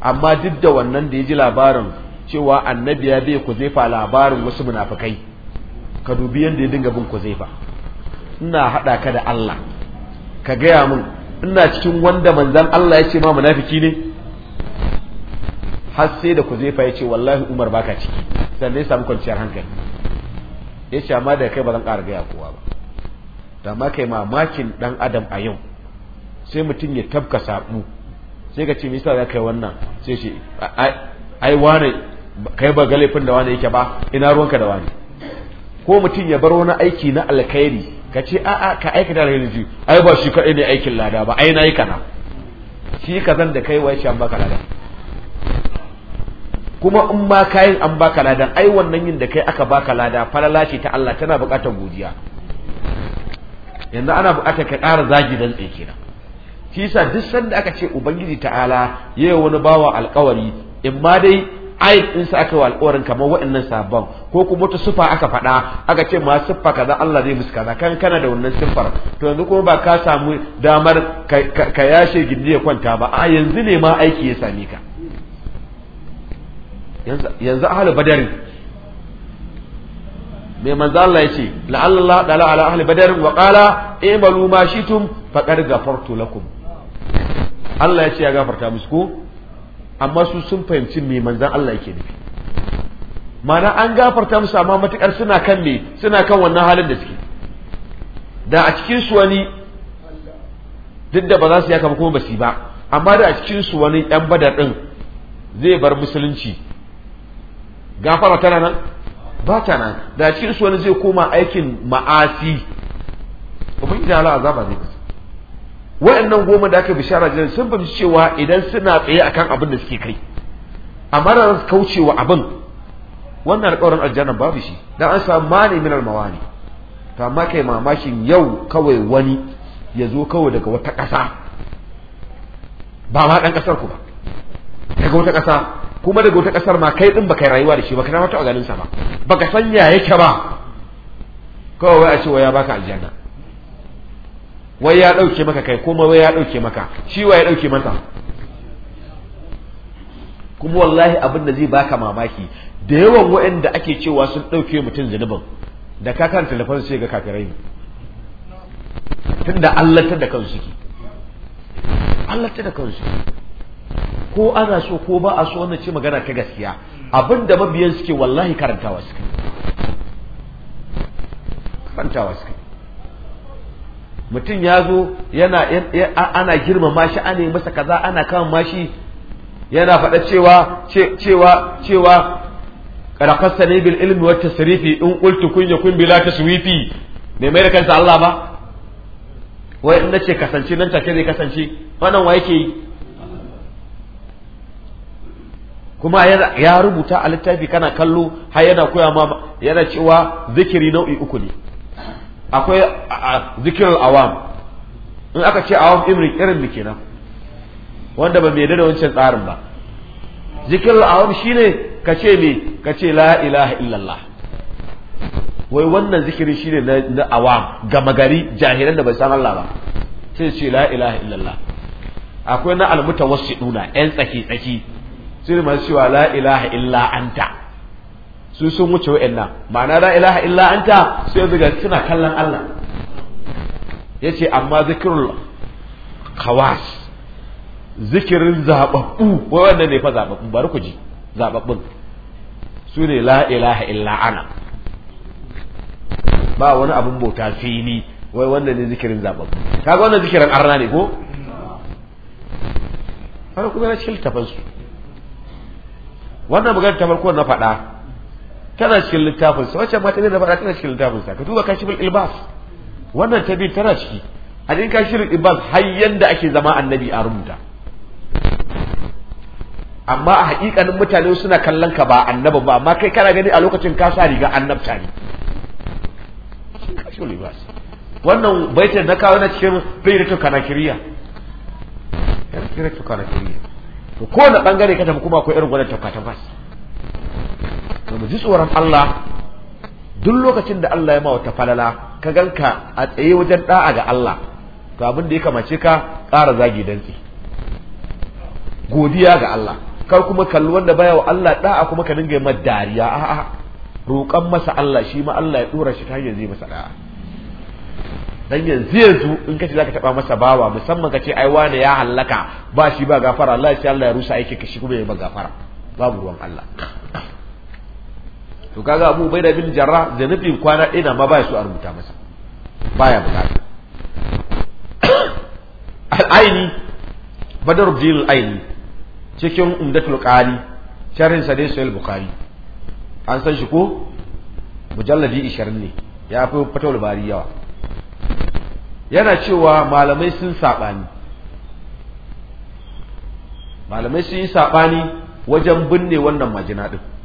amma duk da wannan da ya ji labarin cewa annabi ya bai ku zefa labarin wasu munafikai ka dubi yadda ya dinga bin ku zefa ina haɗa ka da Allah ka gaya min ina cikin wanda manzan Allah ya ce ma munafiki ne har sai da ku ya ce wallahi Umar baka ciki sannan ya samu kwanciyar hankali ya ce amma da kai ba zan ƙara gaya kowa ba da ma kai mamakin ɗan adam a yau sai mutum ya tabka saɓu sai ka ce misa za ka yi wannan sai shi ai wane kai ba galifin laifin da wane yake ba ina ruwanka da wane ko mutum ya bar wani aiki na alkhairi ka ce a ka aikata da yanzu ai ba shi kaɗai ne aikin lada ba ai nayi kana shi kazan da kai wai shi an baka lada. kuma in ma kayan an baka lada ai wannan yin da kai aka baka lada falala ce ta Allah tana buƙatar godiya yanzu ana buƙatar ka ƙara zagi dan tsaye kenan shi yasa duk sanda aka ce ubangiji ta'ala yayin wani bawa alƙawari in ma dai aib din sa aka wa alƙawarin kamar waɗannan sabon ko kuma wata sufa aka faɗa aka ce ma siffa kaza Allah zai musu kaza kan kana da wannan siffar to yanzu kuma ba ka samu damar ka yashe gindi ya kwanta ba a yanzu ne ma aiki ya same ka yanzu ahlu Badar mai manzo Allah ya ce la'alla dala ala ahli badar wa qala imalu ma shitum faqad ghafartu lakum Allah ya ce ya gafarta musu ko amma su sun fahimci mai manzan Allah yake nufi mana an gafarta musu amma matukar suna kan ne suna kan wannan halin da suke da a cikin su wani duk da ba za su yaka kuma ba su ba amma da a cikin su wani ɗan badar ɗin zai bar musulunci gafara tana nan ba ta nan da a cikin su wani zai koma aikin ma'asi ubangiji Allah azaba zai wa'annan goma da aka bishara jinan sun fahimci cewa idan suna tsaye akan abin da suke kai amma marar su kaucewa abin wannan alƙawarin aljanna babu shi dan an samu mani min almawani to amma kai mamakin yau kawai wani ya zo kawai daga wata ƙasa ba ma ɗan ƙasar ku ba daga wata ƙasa kuma daga wata ƙasar ma kai ɗin ba kai rayuwa da shi ba kana wata a ganin sa ba baka sanya ya yake ba kawai a ce wa ya baka aljanna wai ya ɗauke maka kai kuma wai ya ɗauke maka shi wa ya ɗauke maka? kuma wallahi abin da zai baka mamaki da yawan waɗanda ake cewa sun ɗauke mutum zunubin da ka kan telefon sai ga kafirai tunda allatar da kansu suke allatar da kansu ko ana so ko ba a so wannan ce magana ta gaskiya abin da mabiyan suke wallahi karantawa suke karantawa suke mutum ya zo yana ana girmama shi ana yi masa kaza ana kama mashi yana faɗa cewa cewa cewa karakasta ne bil ilmi wa tasrifi in kunya kun bila ta taswifi bai mai da kansa Allah ba wai in nace kasance nan take zai kasance wannan wa yake yi kuma ya rubuta a littafi kana kallo har yana koya ma yana cewa zikiri nau'i uku ne akwai zikirar awam in aka ce awam imrin irin da kenan wanda ba mai da wancan tsarin ba zikirar awam shine ka ce me ka ce la ilaha illallah wai wannan zikiri shine na awam gama gari jahilan da bai san Allah ba sai ce la ilaha illallah akwai na almuta wasu almutawassiduna yan tsaki tsaki sai masu cewa la ilaha illa anta su sun wuce wa'annan ma'ana la ilaha illa anta sai zuga suna kallon Allah Ya ce amma zikirul khawas zikirin zababbu wai wanda ne fa zababbu bari ku ji zababbun su ne la ilaha illa ana ba wani abun bauta fini wai wanda ne zikirin zababbu kaga wannan zikirin arna ne ko har kuma na cikin tafansu wannan magana ta farko na faɗa tana cikin littafin sa wacce mata ne da faɗa tana cikin littafin sa ka duba bil ilbas wannan ta bi tana ciki a cikin bil ilbas har yanda ake zama annabi a rubuta amma a hakikanin mutane suna kallon ka ba annaba ba amma kai kana gani a lokacin ka sa riga annabta ne bil ilbas wannan baitin na kawo na cikin fi'ilatu kanakiriya fi'ilatu kanakiriya to kowane bangare ka tafi kuma akwai irin wannan tafka tafas to mu ji tsoron Allah duk lokacin da Allah ya ma wata falala ka ganka a tsaye wajen da'a ga Allah to abin da ya kamace ka ƙara zagi dantsi godiya ga Allah kar kuma kalli wanda baya wa Allah da'a kuma ka dinga mai dariya a'a roƙan masa Allah shi ma Allah ya dora shi ta hanyar zai masa da'a dan yanzu yanzu in kace zaka taba masa bawa musamman ka ce ai wani ya hallaka ba shi ba gafara Allah sai Allah ya rusa aiki ka shi kuma ya ba gafara babu ruwan Allah to kaga abu bai da bin jarra da nufin kwana ɗaya ma ba su a rubuta masa baya bukata al'aini badar din aini cikin umdatul qali sharhin sa dai sahih bukhari an san shi ko mujalladi 20 ne ya fi fatawul bari yawa yana cewa malamai sun sabani malamai sun yi sabani wajen binne wannan majina din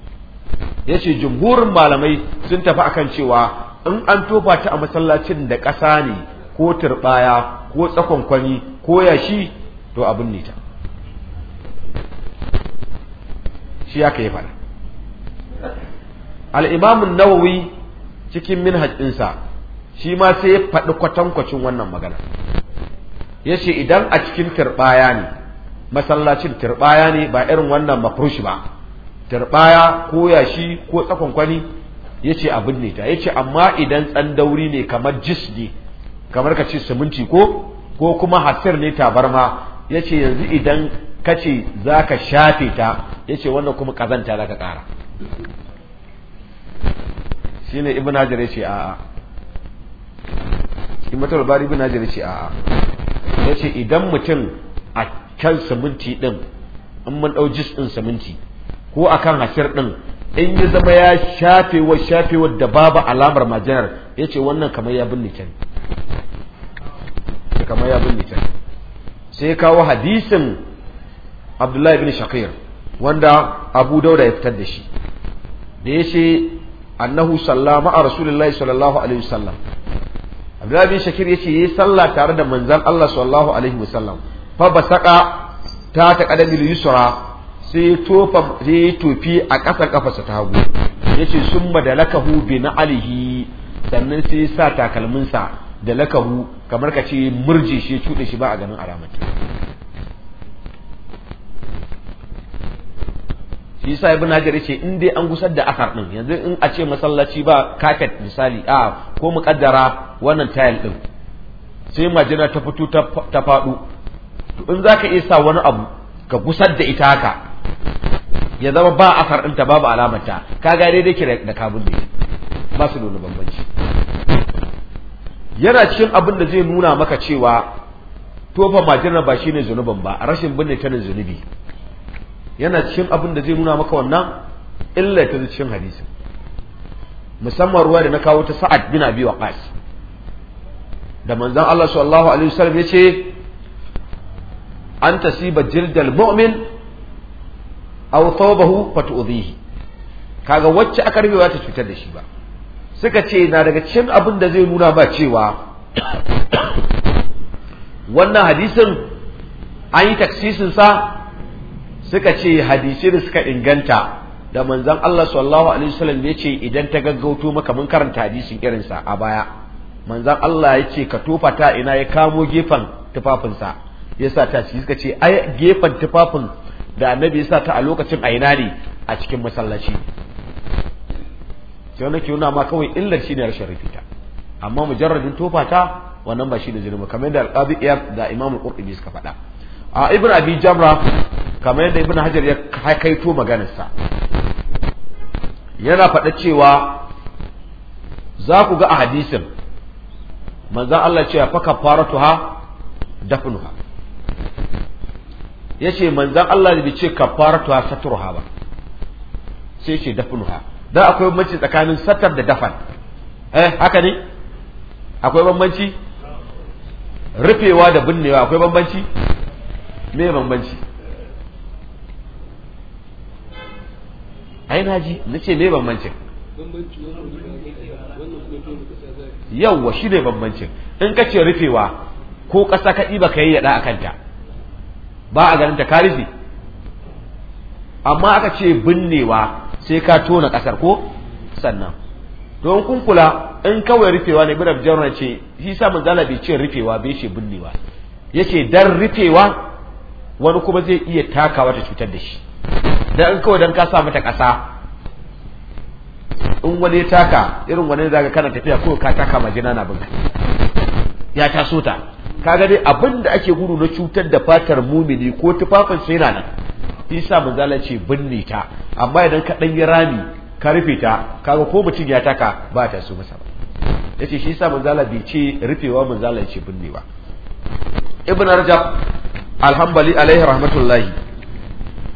yace jumhurin malamai sun tafi akan cewa in an tofa ta a masallacin da ƙasa ne ko turbaya ko tsakon kwani ko yashi to abin nita. shi ya yi fara al'imamun nawawi cikin minhaj shi ma sai ya faɗi kwatankwacin wannan magana yace idan a cikin turbaya ne masallacin turbaya ne ba irin wannan mafurushi ba tarbaya ko yashi ko tsakon kwani yace abin ne ta yace amma idan tsandauri ne kamar jis ne kamar ka ce siminti ko ko kuma hasir ne tabarma yace yanzu idan ka ce za ka shafe ta yace wannan kuma kazanta za ka ƙara shi ne ibn hajar ya ce a'a imatar bari ibn hajar ya ce a'a ya ce idan mutum a kan siminti ɗin in mun ɗau jis ɗin siminti ko akan hashir din in ya zama ya shafe wa shafe wa da babu alamar majanar ce wannan kamar ya binne can kamar ya binne can sai kawo hadisin Abdullahi bin Shakir, wanda Abu Dauda ya fitar da shi da ya ce annahu sallama a Rasulullahi sallallahu alaihi wasallam Abdullahi bin Shakir ya ce ya yi sallah tare da manzan Allah sallallahu alaihi wasallam fa saka ta ta qadamil yusra sai ya sai tofi a ƙasar kafarsa ta hagu yace summa da lakahu bi na'alihi sannan sai sa takalminsa da lakahu kamar ka ce murje shi ya cuɗe shi ba a ganin alamata shi yasa ibn hajar yace in dai an gusar da asar din yanzu in a ce masallaci ba kafet misali a ko muƙaddara wannan tayal din sai majina ta fito ta faɗo to in zaka iya sa wani abu ka gusar da ita haka ya zama ba a ɗinta babu alamata kaga daidai kira da kabul ne ba su nuna bambanci yana cikin abin da zai nuna maka cewa tofa majinar ba shine zunubin ba rashin binne ta zunubi yana cikin abin da zai nuna maka wannan illa ta cikin hadisi. musamman ruwa da na kawo ta sa'ad bin abi waqas da manzon Allah sallallahu alaihi wasallam yace an tasiba jildal mu'min aw thawbahu fatu'dhihi kaga wacce aka rubewa ta cutar da shi ba suka ce na daga cikin abin da zai nuna ba cewa wannan hadisin an yi taksisin sa suka ce hadisi da suka inganta da manzon Allah sallallahu alaihi wasallam ya ce idan ta gaggauto maka mun karanta hadisin irin sa a baya manzon Allah ya ce ka tofa ina ya kamo gefen tufafinsa ya sa ta suka ce ai gefen tufafin da annabi ya sa ta a lokacin a ina ne a cikin masallaci sai nake nuna ma kawai illar shine rashin rufita amma mujarradin tofa ta wannan ba shine zulmi kamar yadda alqabi iyad da imamu qurtubi suka faɗa a ibnu abi jamra kamar yadda ibnu hajar ya kaito sa yana faɗa cewa za ku ga a hadisin manzon Allah ya cewa fa kafaratuha dafnuha yace manzan. Allah bai ce tuwa satar ba sai ce ha don akwai bambanci tsakanin satar da dafan eh haka ne akwai bambanci rufewa da binnewa akwai bambanci me bambanci ai naji ce me bambancin wa shi ne bambancin in ka ce rufewa ko ƙasa kaɗi ba ka yi yaɗa a kanta ba a ganin ta ka amma aka ce binnewa sai ka tona kasar ko sannan don kun kula in kawai rufewa ne birab jarra ce shi sa zala bai ce rufewa bai ce binnewa yace dan rufewa wani kuma zai iya takawa ta cutar da shi dan in kawai dan ka sa mata ƙasa in wani ya taka irin wani zaka kana tafiya ko ka taka majina na binka ya taso ta kaga dai abin da ake gudu na cutar da fatar mumini ko tufafin sai na nan sa manzala ce binne ta amma idan ka dan yi rami ka rufe ta kaga ko mutum ya taka ba ta so masa ba yace shi yasa manzala bai ce rufewa manzala ya ce binne ba ibn rajab alhambali alaihi rahmatullahi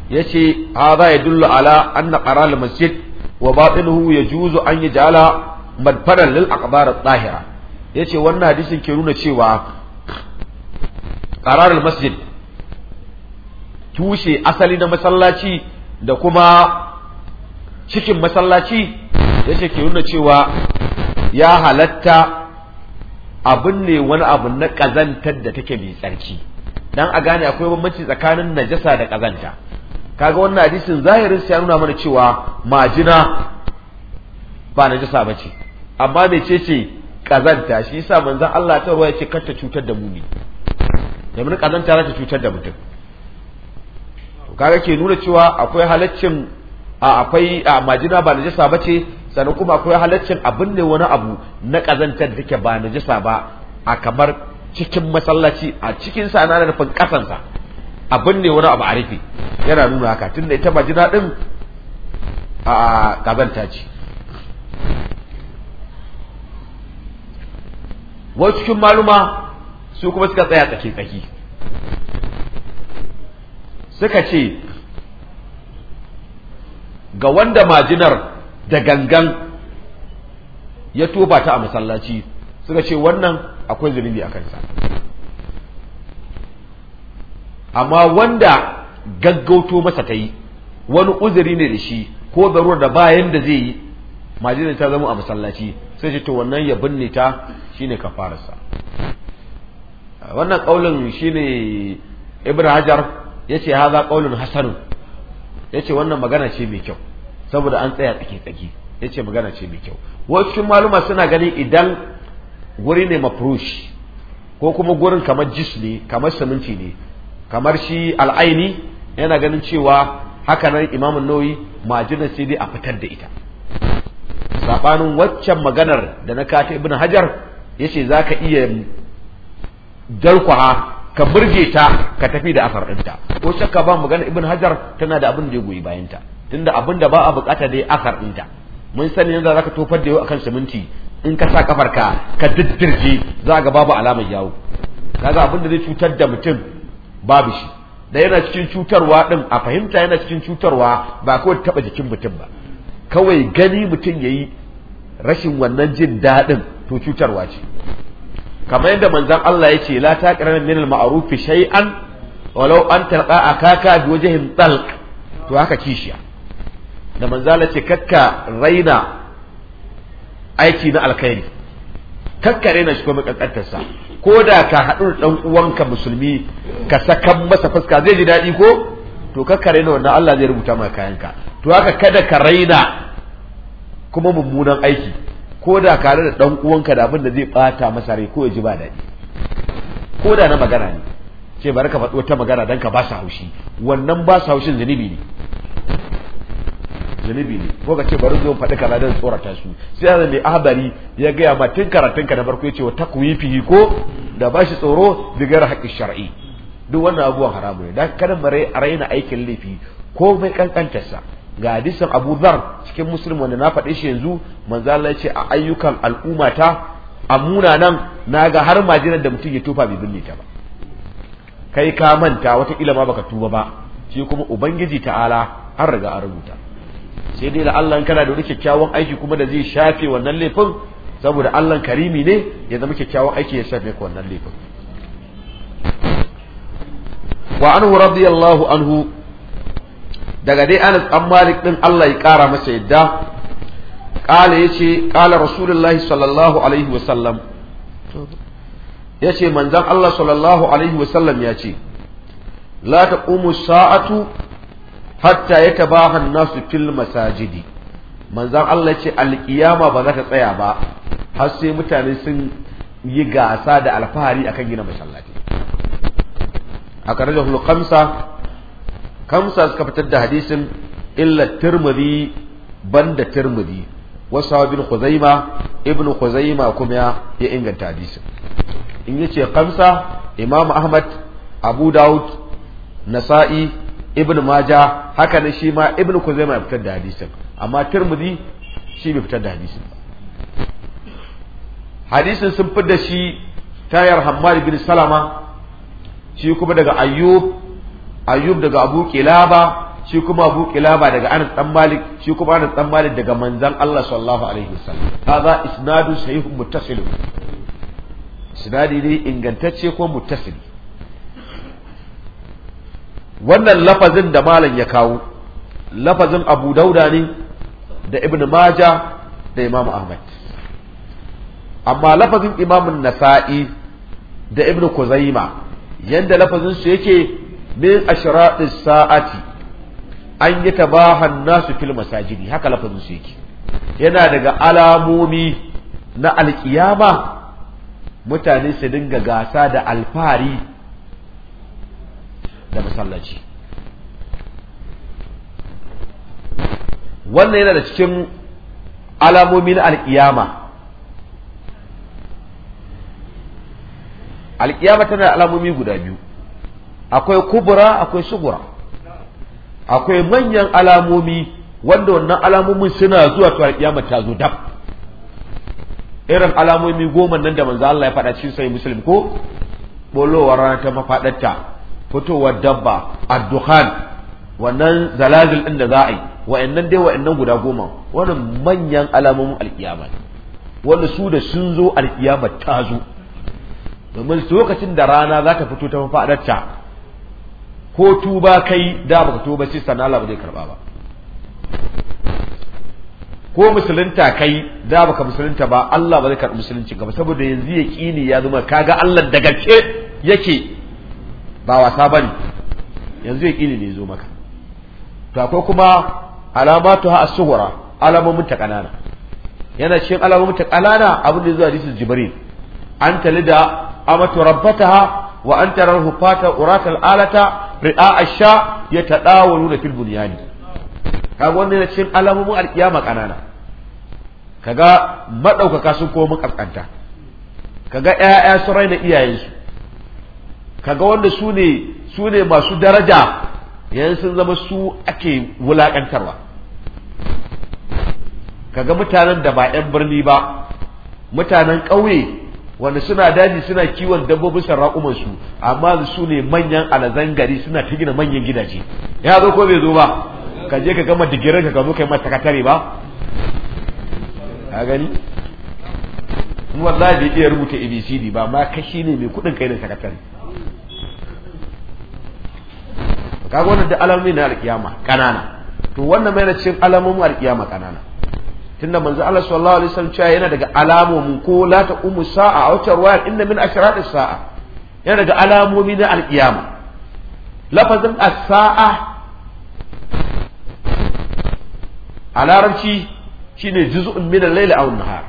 yace hadha yadullu ala anna qaral masjid wa batinuhu yajuzu an yajala madfaran lil aqbar at-tahira yace wannan hadisin ke nuna cewa qararul masjid tushe asali na masallaci da kuma cikin masallaci yace ke nuna cewa ya halatta abun ne wani abu na kazantar da take mai tsarki dan a gane akwai bambanci tsakanin najasa da kazanta kaga wannan hadisin zahirin sai nuna mana cewa majina ba najasa bace amma mecece kazanta shi yasa manzon Allah ta ruwa yace kar cutar da mumi domin kazanta za ta cutar da mutum kaga ke nuna cewa akwai halaccin akwai majina ba najasa ba ce sannan kuma akwai halaccin abin ne wani abu na kazantar da ke ba najasa ba a kamar cikin masallaci a cikin sa na nufin kasansa abin ne wani abu a rufe yana nuna haka tunda ita majina din a kazanta ce wasu cikin maluma su kuma suka tsaya tsaki tsaki suka ce ga wanda majinar da gangan ya tuba ta a masallaci suka ce wannan akwai zunubi a kansa amma wanda gaggauto masa ta yi wani uzuri ne da shi ko zarurar da bayan da zai yi majinar ta zama a masallaci sai ce to wannan ya binne ta shine kafararsa wannan kaulin shine ibnu hajar yace haza qaulun hasan yace wannan magana ce mai kyau saboda an tsaya tsaki tsaki yace magana ce mai kyau wasu maluma suna ganin idan wuri ne mafrush ko kuma gurin kamar jis ne kamar siminti ne kamar shi al'aini yana ganin cewa haka nan imamun nauyi majinar sai dai a fitar da ita saɓanin waccan maganar da na kata ibn hajar ya ce za ka iya dalkwaha ka burge ta ka tafi da asar ɗinta ko shakka ba magana ibn hajar tana da abin da ya goyi bayan ta tunda abin da ba a bukata dai asar ɗinta mun sani yanzu zaka tofar da yau akan siminti in ka sa kafar ka ka diddirje za ga babu alamar yawo kaga abin da zai cutar da mutum babu shi da yana cikin cutarwa din a fahimta yana cikin cutarwa ba kawai taba jikin mutum ba kawai gani mutum yayi rashin wannan jin daɗin to cutarwa ce kamar yadda manzon Allah ya ce la taqrana min al-ma'ruf shay'an walau an talqa akaka bi wajhin talq to haka kishiya da manzon Allah ce kakka raina aiki na alkhairi kakka raina shi kuma kankantarsa ko da ka haɗu da uwanka musulmi ka sakan masa fuska zai ji daɗi ko to kakka raina wannan Allah zai rubuta maka kayanka to haka kada ka raina kuma mummunan aiki ko da kare da dan uwanka da abin da zai bata masa rai ko ya ji ba daɗi ko da na magana ne ce bari ka faɗo ta magana dan ka ba sa haushi wannan ba sa haushin zunubi ne zunubi ne ko ka ce bari zo faɗi kana dan tsorata su sai azan mai ahbari ya gaya ma tun karatun ka na farko yace wa takwifihi ko da ba shi tsoro digar haƙƙi shar'i duk wannan abubuwan haramu ne dan kada mare a raina aikin laifi komai kankantarsa ga hadisin Abu Dharr cikin Muslim wanda na faɗe shi yanzu manzo Allah ya ce a ayyukan al'umma ta a munanan ga har majinar da mutum ya tufa bai binne ta ba kai ka manta wata ilima baka tuba ba shi kuma ubangiji ta'ala an riga an rubuta sai dai da Allah kana da wani kyakkyawan aiki kuma da zai shafe wannan laifin saboda Allah karimi ne ya zama kyakkyawan aiki ya shafe ka wannan laifin wa anhu radiyallahu anhu daga dai Anas an Malik din Allah ya kara masa yadda kala ce kala Rasulullahi sallallahu alaihi wa sallam yace manzon Allah sallallahu alaihi wa sallam yace la taqumu sa'atu hatta yatabaha an-nasu fil masajidi manzon Allah yace alkiyama ba za ta tsaya ba har sai mutane sun yi gasa da alfahari akan gina masallaci a karajar hulkamsa kamsa suka fitar da hadisin illa tirmidhi banda tirmidhi wasu bin khuzaima ibnu khuzaima kuma ya inganta hadisin in yace kamsa imam ahmad abu daud nasa'i ibnu maja haka ne shi ma ibnu khuzaima ya fitar da hadisin amma tirmidhi shi bai fitar da hadisin hadisin sun fitar da shi tayar hammad bin salama shi kuma daga ayyub ayyub daga abu kilaba shi kuma abu kilaba daga anas dan malik shi kuma anas dan malik daga manzon Allah sallallahu alaihi wasallam hadha isnadu sahih muttasil isnadi dai ingantacce ko muttasil wannan lafazin da malam ya kawo lafazin abu dauda ne da ibn majah da imam ahmad amma lafazin imam nasa'i da ibn kuzaima yanda lafazin su yake min ashratis sa'ati an yi tabahan nasu fil masajid haka lafazin su yake yana daga alamomi na alkiyama mutane su dinga gasa da alfari da masallaci wannan yana da cikin alamomi na alkiyama alkiyama tana alamomi guda biyu akwai kubura akwai sugura akwai manyan alamomi wanda wannan alamomin suna zuwa to alƙiyama ta zo dab irin alamomi goma nan da manzo Allah ya faɗa cikin sai muslim ko bolowar rana ta mafaɗarta fitowar dabba ad-dukhan wannan zalazil din da za a yi wa'annan dai wa'annan guda goma wannan manyan alamomin alkiyama ne wanda su da sun zo alkiyama ta zo domin lokacin da rana za ta fito ta mafaɗarta ko tuba kai da baka tuba ce sannan Allah ba zai karba ba ko musulunta kai da baka musulunta ba Allah ba zai karbi musulunci ka ba saboda yanzu ya kini ya zama kaga Allah da gace yake ba wasa bane yanzu ya kini ne zo maka to akwai kuma alamatu ha as-sughra alamomin ta kanana yana cikin alamomin ta kanana abin da zuwa hadisin jibril an talida amatu rabbataha wa an tarahu fata uratal alata ri'a asha ya da fil bunyani kaga wannan yana cikin alamomin alkiyama kanana kaga madaukaka sun koma makaskanta kaga ƴaƴa su raina iyayensu kaga wanda su ne su ne masu daraja yanzu sun zama su ake wulakantarwa kaga mutanen da ba 'yan birni ba mutanen ƙauye wanda suna daji suna kiwon dabbobin sarraƙuman su amma su ne manyan alazan gari suna ta gina manyan gidaje ya zo ko bai zo ba ka je ka gama digirin ka zo kai mata katare ba a gani mu wallahi bai iya rubuta abcd ba ma kashi ne mai kudin kai da sakatare kaga wannan da alamomi na alƙiyama kanana to wannan mai na cikin alamomin alƙiyama kanana tunda manzo Allah sallallahu alaihi wasallam cewa yana daga alamomin ko la ta umu sa'a a wata ruwaya inna min ashrati sa'a yana daga alamomi na alkiyama lafazin as-sa'a a larabci shine juz'un min al-layl aw an-nahar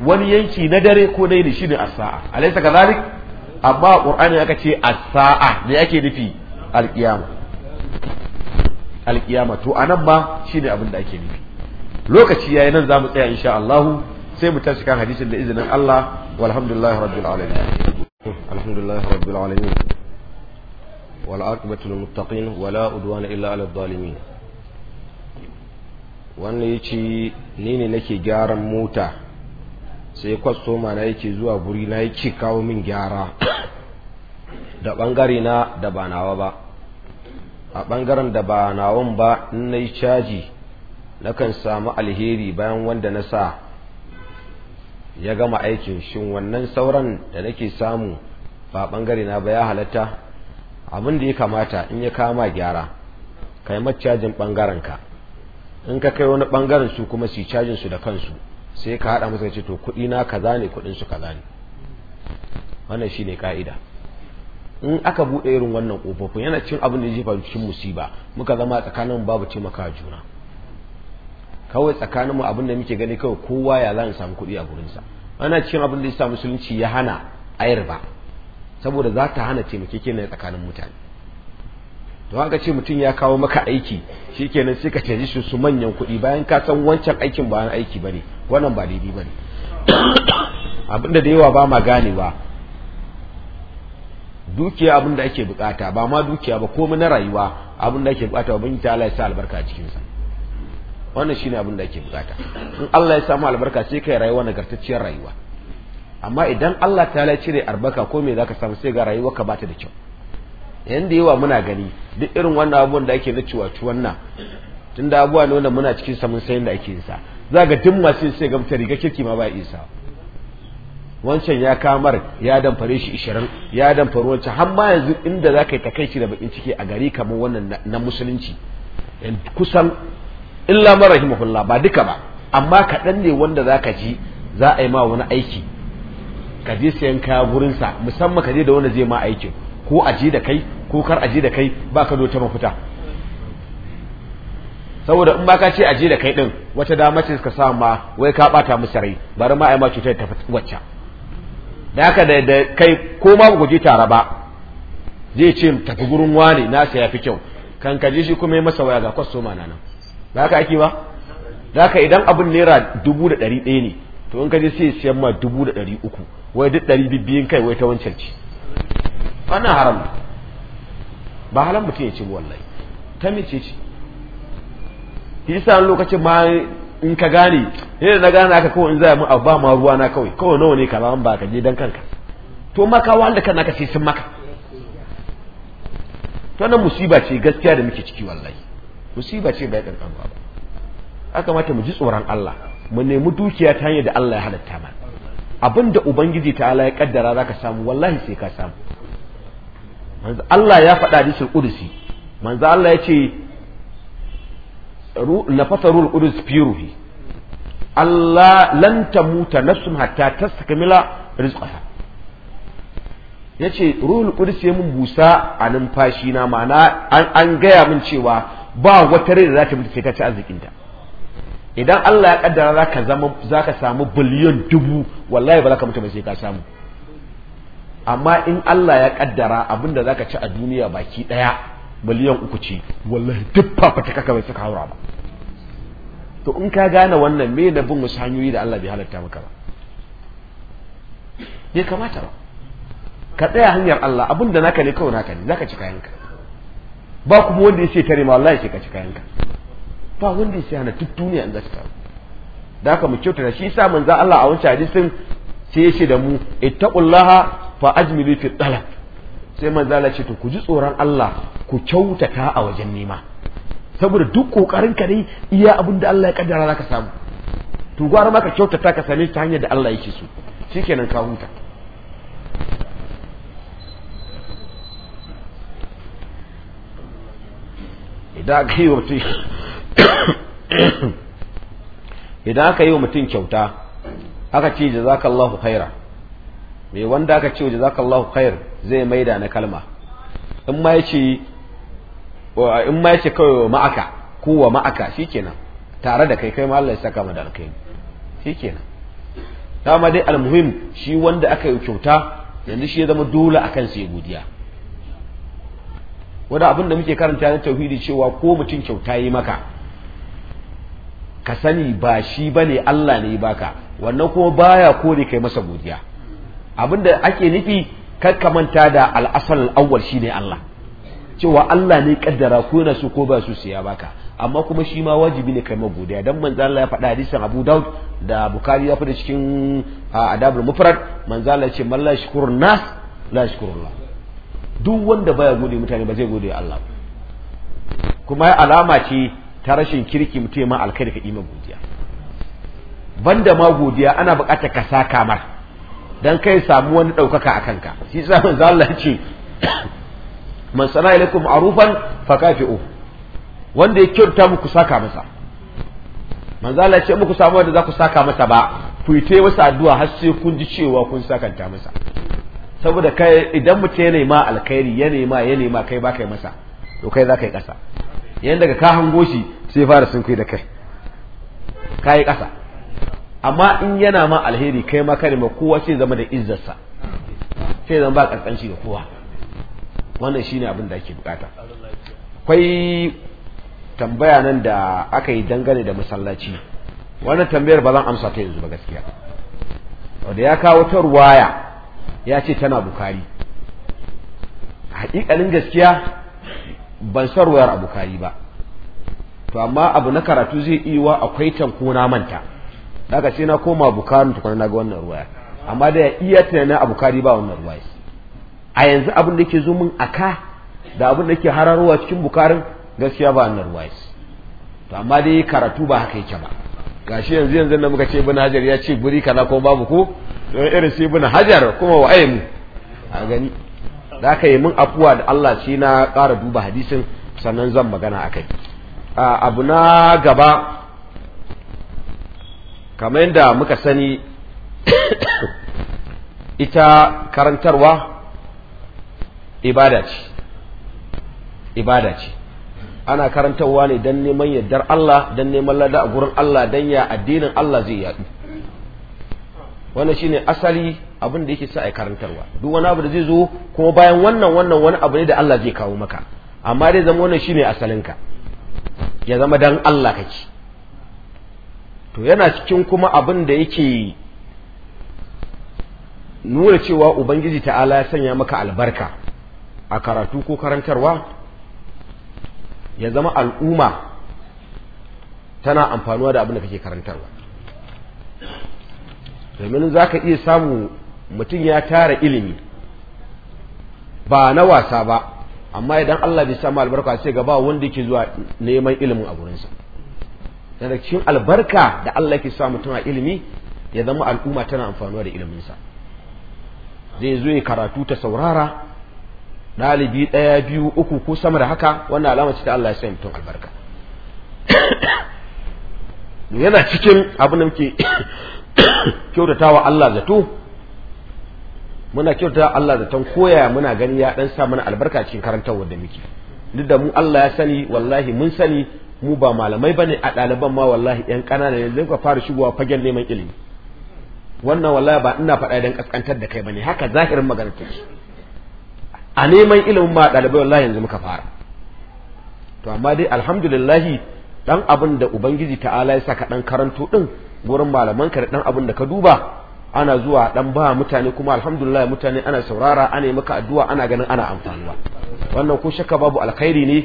wani yanki na dare ko dai ne shine as-sa'a alaysa kadhalik amma qur'ani aka ce as-sa'a ake nufi alkiyama alkiyama to anan ma shine abin da ake nufi lokaci yayi nan zamu tsaya insha Allah sai mu tashi kan hadisin da izinin Allah walhamdulillahi rabbil alamin alhamdulillahi rabbil alamin wal aqibatu lil muttaqin wala udwana illa ala zalimin wannan yace ni ne nake gyaran mota sai kwastoma na yake zuwa guri na yake kawo min gyara da bangare na da ba nawa ba a bangaren da ba nawan ba in nayi caji nakan samu alheri bayan wanda na sa ya gama aikin shin wannan sauran da nake samu ba bangare na ba ya halatta abin da ya kamata in ya kama gyara kai macajin bangaren ka in ka kai wani bangaren su kuma su cajin su da kansu sai ka hada musu ce to kudi na kaza ne kudin su kaza ne wannan shine kaida in aka bude irin wannan kofofin yana cin abin da ya jefa cikin musiba muka zama tsakanin babu taimaka juna kawai tsakanin mu abin da muke gani kawai kowa ya za samu kuɗi a gurinsa ana cikin abin da ya musulunci ya hana ayar ba saboda za ta hana taimakekeniyar tsakanin mutane to haka ce mutum ya kawo maka aiki shikenan sai ka canji su su manyan kuɗi bayan ka san wancan aikin ba aiki bane wannan ba daidai bane Abin da da yawa ba ma gane ba dukiya abin da ake bukata ba ma dukiya ba komai na rayuwa abin da ake bukata bin ta Allah ya sa albarka a cikin sa wannan shine abin da ake bukata in Allah ya samu albarka sai kai rayuwa nagartacciyar rayuwa amma idan Allah ta la cire albarka ko me zaka samu sai ga rayuwa ka bata da kyau da yawa muna gani duk irin wannan abubuwan da ake na ciwatuwan nan tunda abuwa ne wanda muna cikin samun sayin da ake sa za ga duk masu sai gamta riga kirki ma ba isa wancan ya kamar ya damfare shi ishirin ya damfare wancan har ma yanzu inda za ka yi takaici da bakin ciki a gari kamar wannan na musulunci kusan illa man rahimahullah ba duka ba amma kaɗan ne wanda zaka ji za a yi ma wani aiki ka je sayan kaya gurinsa musamman ka je da wanda zai ma aikin ko a je da kai ko kar a je da kai ba ka ta mafita saboda in ba ka ce a je da kai din wata dama ce ka sa ma wai ka bata musu rai bari ma a yi ma cutar ta wacce da haka da kai ko ma ku je tare ba zai ce tafi gurin wani na ya fi kyau kan ka je shi kuma yi masa waya ga kwastoma na nan da haka ake ba da haka idan abin naira dubu da ɗari ɗaya ne to in ka je sai siyan ma dubu da ɗari uku wai duk ɗari bibbiyin kai wai ta wancan ci wannan haram ba halan mutum ya ci wallahi ta mace ce yasa lokacin ma in ka gane yadda na gane aka kawai in za mu abu ba ma ruwa na kawai kawai nawa ne ka ba ba ka je dan kanka to maka wanda kana ka sai sun maka to nan musiba ce gaskiya da muke ciki wallahi musiba ce bai kankama ba aka mata mu ji tsoron Allah mu nemi dukiya ta hanyar da Allah ya halatta mana abinda ubangiji ta Allah ya kaddara zaka samu wallahi sai ka samu manzo Allah ya faɗa hadisul qudsi manzo Allah ya ce nafatarul qudus firuhi Allah lan tamuta nafsun hatta taskamila rizqaha yace ruhul qudus ya mun busa a numfashi na ma'ana an gaya min cewa ba wata rai da za ta mutu ce ta ci arzikinta idan Allah ya kaddara za ka zama za ka samu biliyon dubu wallahi ba za ka mutu ba sai ka samu amma in Allah ya kaddara abinda za ka ci a duniya baki daya miliyan uku ce wallahi duk ta kaka bai saka haura ba to in ka gane wannan me na bin wasu hanyoyi da Allah bai halatta maka ba bai kamata ba ka tsaya hanyar Allah abinda naka ne kawai naka ne zaka ci ka. ba kuma wanda ya ce tare ma wallahi ce ka ci kayanka ba wanda ya ce hana duk duniya in ta taru da haka mu kyautata shi yasa manzo Allah a wancan hadisin sai ya ce da mu ittaqullaha fa ajmilu fi talab sai manzo Allah ce to ku ji tsoron Allah ku kyautata a wajen nema saboda duk kokarin ka dai iya abin da Allah ya kaddara zaka samu to gwara maka kyautata ka same ta hanyar da Allah yake so shikenan ka huta da wa mutum idan aka yi wa mutum kyauta aka ce jazakallahu khaira mai wanda aka ce jazakallahu khair zai maida na kalma in ma yace in ma yace ma'aka ko wa ma'aka shikenan tare da kai kai ma Allah ya saka mu da alkai shikenan dama dai almuhim shi wanda aka yi kyauta yanzu shi ya zama dole akan sai godiya wani abin da muke karanta na tauhidi cewa ko mutum kyauta yi maka ka sani ba shi bane Allah ne baka wannan kuma baya kore kai masa godiya abin da ake nufi kar ka manta da al'asal awwal shine Allah cewa Allah ne kaddara ko na su ko ba su siya baka amma kuma shi ma wajibi ne kai godiya dan manzo Allah ya faɗa hadisin Abu Daud da Bukhari ya faɗa cikin ah, Adabul Mufrad manzo Allah ya ce man la nas la Allah duk wanda baya gode mutane ba zai gode Allah kuma alama ce ta rashin kirki mutum ma alkhairi ka ima godiya banda ma godiya ana bukatar ka sa kamar dan kai samu wani ɗaukaka a kanka shi yasa manzo Allah ce man sana ilaikum ma'rufan fakafi'u wanda ya kyauta muku saka masa manzo Allah ce muku samu wanda za ku saka masa ba ku yi ta masa addu'a har sai kun ji cewa kun sakanta masa saboda kai idan mutum ya nema alkhairi ya nema ya nema kai ba kai masa to kai za ka yi ƙasa yayin daga ka hango shi sai fara sun kai da kai ka yi ƙasa amma in yana ma alheri kai ma kare ma kowa sai zama da izzarsa sai zama ba ƙarƙanci ga kowa wannan shine abin da ake bukata akwai tambaya nan da aka yi dangane da masallaci wannan tambayar ba zan amsa ta yanzu ba gaskiya wanda ya kawo ta ruwaya ya ce tana bukari haƙiƙanin gaskiya ban sarwayar a bukari ba to amma abu na karatu zai iya wa akwai tanko na manta daga ce na koma bukari tukuna na ga wannan ruwaya amma da ya iya tunanin a bukari ba wannan ruwaya a yanzu abin da ke zo a aka da abin da ke hararowa cikin bukarin gaskiya ba wannan ruwaya to amma dai karatu ba haka yake ba gashi yanzu yanzu da muka ce bin hajar ya ce guri kaza ko babu ko don irin su ibn hajar kuma wa mu a gani da aka yi mun afuwa da Allah ce na ƙara duba hadisin sannan zan magana a kai. abu na gaba kamar yadda muka sani ita karantarwa ibada ce ibada ce ana karantarwa ne don neman yardar Allah don neman lada a gurin Allah don ya addinin Allah zai yaɗu wannan shine asali abin da yake sa ai karantarwa duk wani abu da zai zo kuma bayan wannan wannan wani abu ne da Allah zai kawo maka amma dai zama wannan shine asalinka ya zama dan Allah kake to yana cikin kuma abin da yake nuna cewa ubangiji ta'ala ya sanya maka albarka a karatu ko karantarwa ya zama al'umma tana amfanuwa da abin da kake karantarwa domin za ka iya samu mutum ya tara ilimi ba na wasa ba amma idan Allah bai samu albarka sai ga ba wanda yake zuwa neman ilimin a gurinsa daga cikin albarka da Allah yake sa mutum a ilimi ya zama al'umma tana amfanuwa da iliminsa zai zo ya karatu ta saurara ɗalibi ɗaya biyu uku ko sama da haka wannan alama ce ta Allah ya sa mutum albarka yana cikin abin da muke kyautatawa Allah zato muna kyautata Allah zaton koya muna gani ya dan sa mana albarka cikin karantar da muke duk da mu Allah ya sani wallahi mun sani mu ba malamai bane a ɗaliban ma wallahi yan ƙanana yanzu ka fara shigowa fagen neman ilimi wannan wallahi ba ina faɗa dan kaskantar da kai bane haka zahirin maganar take a neman ilimin ma ɗalibai wallahi yanzu muka fara to amma dai alhamdulillah dan abin da ubangiji ta'ala ya saka dan karanto din gurin malaman ka dan abin da ka duba ana zuwa dan ba mutane kuma alhamdulillah mutane ana saurara ana yi maka addu'a ana ganin ana amfanuwa wannan ko shakka babu alkhairi ne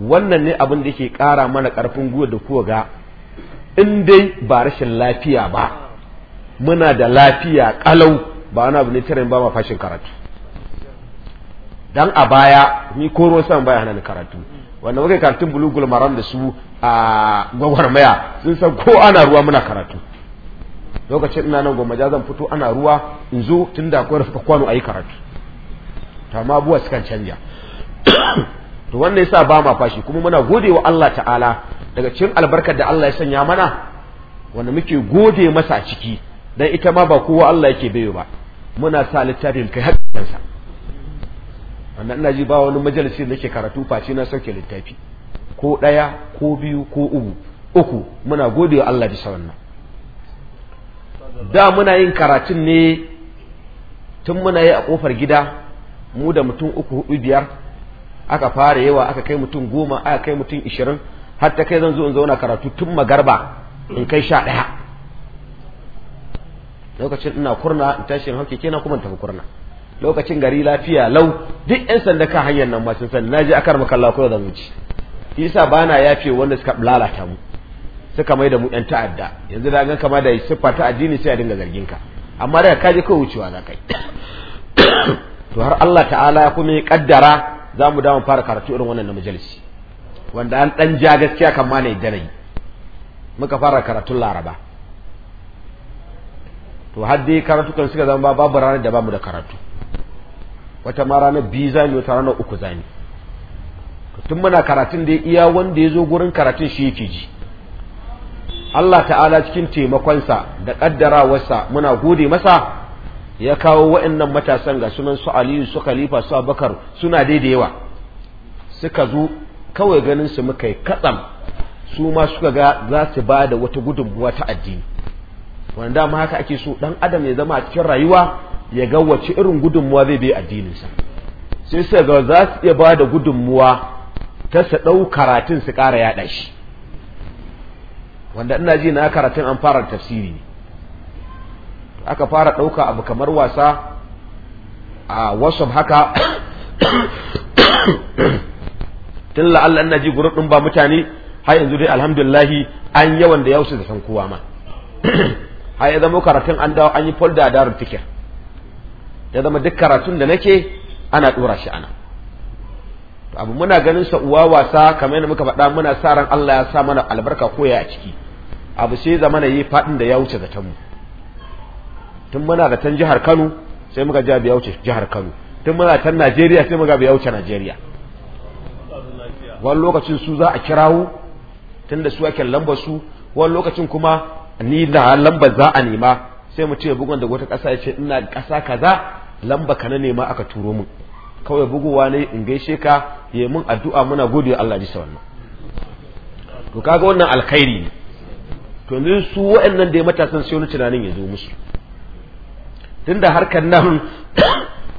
wannan ne abin da yake kara mana karfin guwa da kuwa ga in dai ba rashin lafiya ba muna da lafiya kalau ba wani abu ne ba ma fashin karatu dan a baya ni koro ruwan baya hana karatu Wannan muke karatun bulugul maram da su a gwagwarmaya sun san ko ana ruwa muna karatu lokacin ina nan gwamnati zan fito ana ruwa in zo tun da akwai rufe kwano a yi karatu amma abuwa sukan canja to wannan yasa ba ma fashi kuma muna gode wa Allah ta'ala daga cikin albarkar da Allah ya sanya mana wanda muke gode masa a ciki dan ita ma ba kowa Allah yake bayo ba muna sa littafin kai hakkinsa wannan ina ji ba wani majalisi da nake karatu face na sauke littafi ko ɗaya ko biyu ko uku uku muna gode wa Allah bisa wannan da muna yin karatun ne tun muna yi a kofar gida mu da mutum uku hudu biyar aka fara yawa aka kai mutum goma aka kai mutum ishirin har ta kai zan zo in zauna karatu tun magarba in kai sha ɗaya lokacin ina kurna in tashi in hauke kenan kuma in tafi kurna lokacin gari lafiya lau duk yan sanda ka hanyar nan ma sun sani je akar makalla ko zan wuce isa bana yafe wanda suka lalata mu suka mai da mu yan ta'adda yanzu da gan kama da siffa ta addini sai a dinga zargin ka amma da ka je kawai wucewa za kai to har Allah ta'ala ya kuma ya kaddara za mu dawo fara karatu irin wannan na majalisi wanda an dan ja gaskiya kan ma ne danayi muka fara karatun laraba to har dai karatu kan suka zama babu ranar da bamu da karatu wata ma ranar biyu zami wata ranar uku zami tun muna karatun da ya iya wanda ya zo gurin karatun shi yake ji Allah ta'ala cikin taimakonsa da ƙaddarawarsa muna gode masa ya kawo wa'annan matasan ga sunan su Aliyu su Khalifa su Abakar, suna daidai yawa suka zo kawai ganin su muka yi katsam su ma suka ga za su ba da wata gudunmuwa ta addini wanda dama haka ake so dan adam ya zama a cikin rayuwa ya ga wace irin gudunmuwa zai bai addininsa sai suka ga za su iya ba da gudunmuwa ta su ɗau karatun su ƙara yaɗa shi wanda ina ji na karatun an fara tafsiri ne aka fara ɗauka abu kamar wasa a wasu haka tun la'alla ina ji gurup ɗin ba mutane har yanzu dai alhamdulillahi an yawan da yausu da san kowa ma har ya zama karatun an dawo an yi folda a darun fikir ya zama duk karatun da nake ana ɗora shi ana to abu muna ganin sa uwa wasa kamar yadda muka faɗa muna sa ran Allah ya sa mana albarka koya a ciki abu sai zama na yi faɗin da ya wuce zaton mu tun muna da tan jihar Kano sai muka ji ya wuce jihar Kano tun muna tan Najeriya sai muka ya wuce Najeriya wani lokacin su za a kirawo tun da su ake lambar su wani lokacin kuma ni da lambar za a nema sai mu ce bugun da wata ƙasa ya ce ina ƙasa kaza lamba ka na nema aka turo mu kawai buguwa ne in gaishe ka ya mun addu'a muna gode Allah ji wannan to kaga wannan alkhairi ne to yanzu su waɗannan da matasan sai wani tunanin ya zo musu tunda harkar nan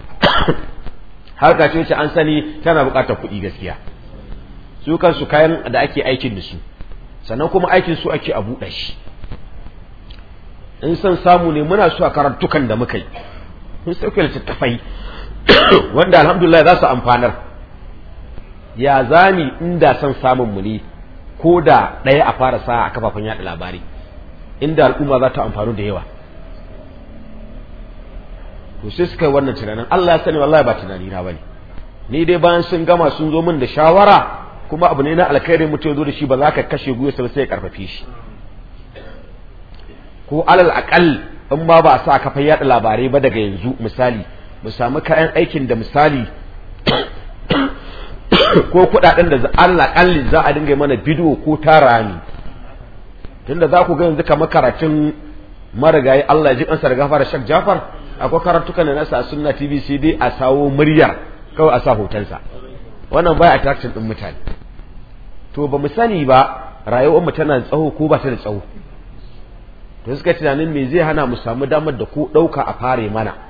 harka ce wacce an sani tana buƙatar kuɗi gaskiya su kansu kayan da ake aikin da su sannan kuma aikin su ake a buɗe shi in san samu ne muna su a karantukan da muka yi mun sauke littattafai wanda alhamdulillah za su amfanar ya zami inda son samun muni ko da ɗaya a fara sa a kafafen yaɗa labari inda al'umma za ta amfanu da yawa to sai suka yi wannan tunanin Allah ya sani wallahi ba tunani na bane ni dai bayan sun gama sun zo min da shawara kuma abu ne na alkhairi mutum ya zo da shi ba za ka kashe gwiwa sai sai ya karfafe shi ko alal aqal in ma ba a sa kafa yaɗa labarai ba daga yanzu misali mu samu kayan aikin da misali ko kudaden da Allah kalli za a dinga mana bidiyo ko tara ne tunda za ku ga yanzu kamar karatun marigayi Allah ji ansar gafara Sheikh Jafar akwai karatukan da nasa sunna TV CD a sawo murya kawai a sa hotonsa wannan baya attraction din mutane to ba mu sani ba rayuwar mu tana tsawo ko ba ta da tsawo to suka tunanin me zai hana mu samu damar da ku dauka a fare mana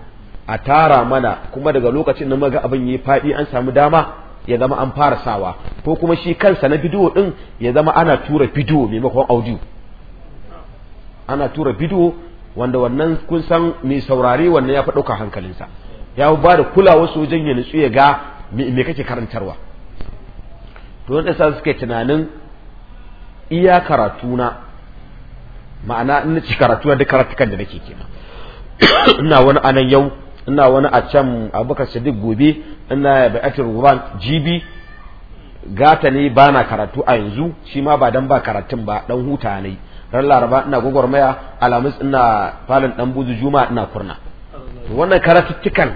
a tara mana kuma daga lokacin da maga abin yi faɗi an sami dama ya zama an fara sawa ko kuma shi kansa na bidiyo din ya zama ana tura bidiyo maimakon audio ana tura bidiyo wanda wannan kun san mai saurare wannan ya fi ɗauka hankalinsa ya ba da kulawa su wajen ya nutsu ya ga me kake karantarwa to wanda sa suke tunanin iya karatuna ma'ana in ci karatuna duk karatukan da nake kenan ina wani anan yau ina wani a can abubakar sadiq gobe ina bayatar ruwan jibi gata ne ba na karatu a yanzu shi ma ba dan ba karatun ba dan huta ne ran laraba ina maya alamis ina falin dan buzu juma ina kurna wannan karatuttukan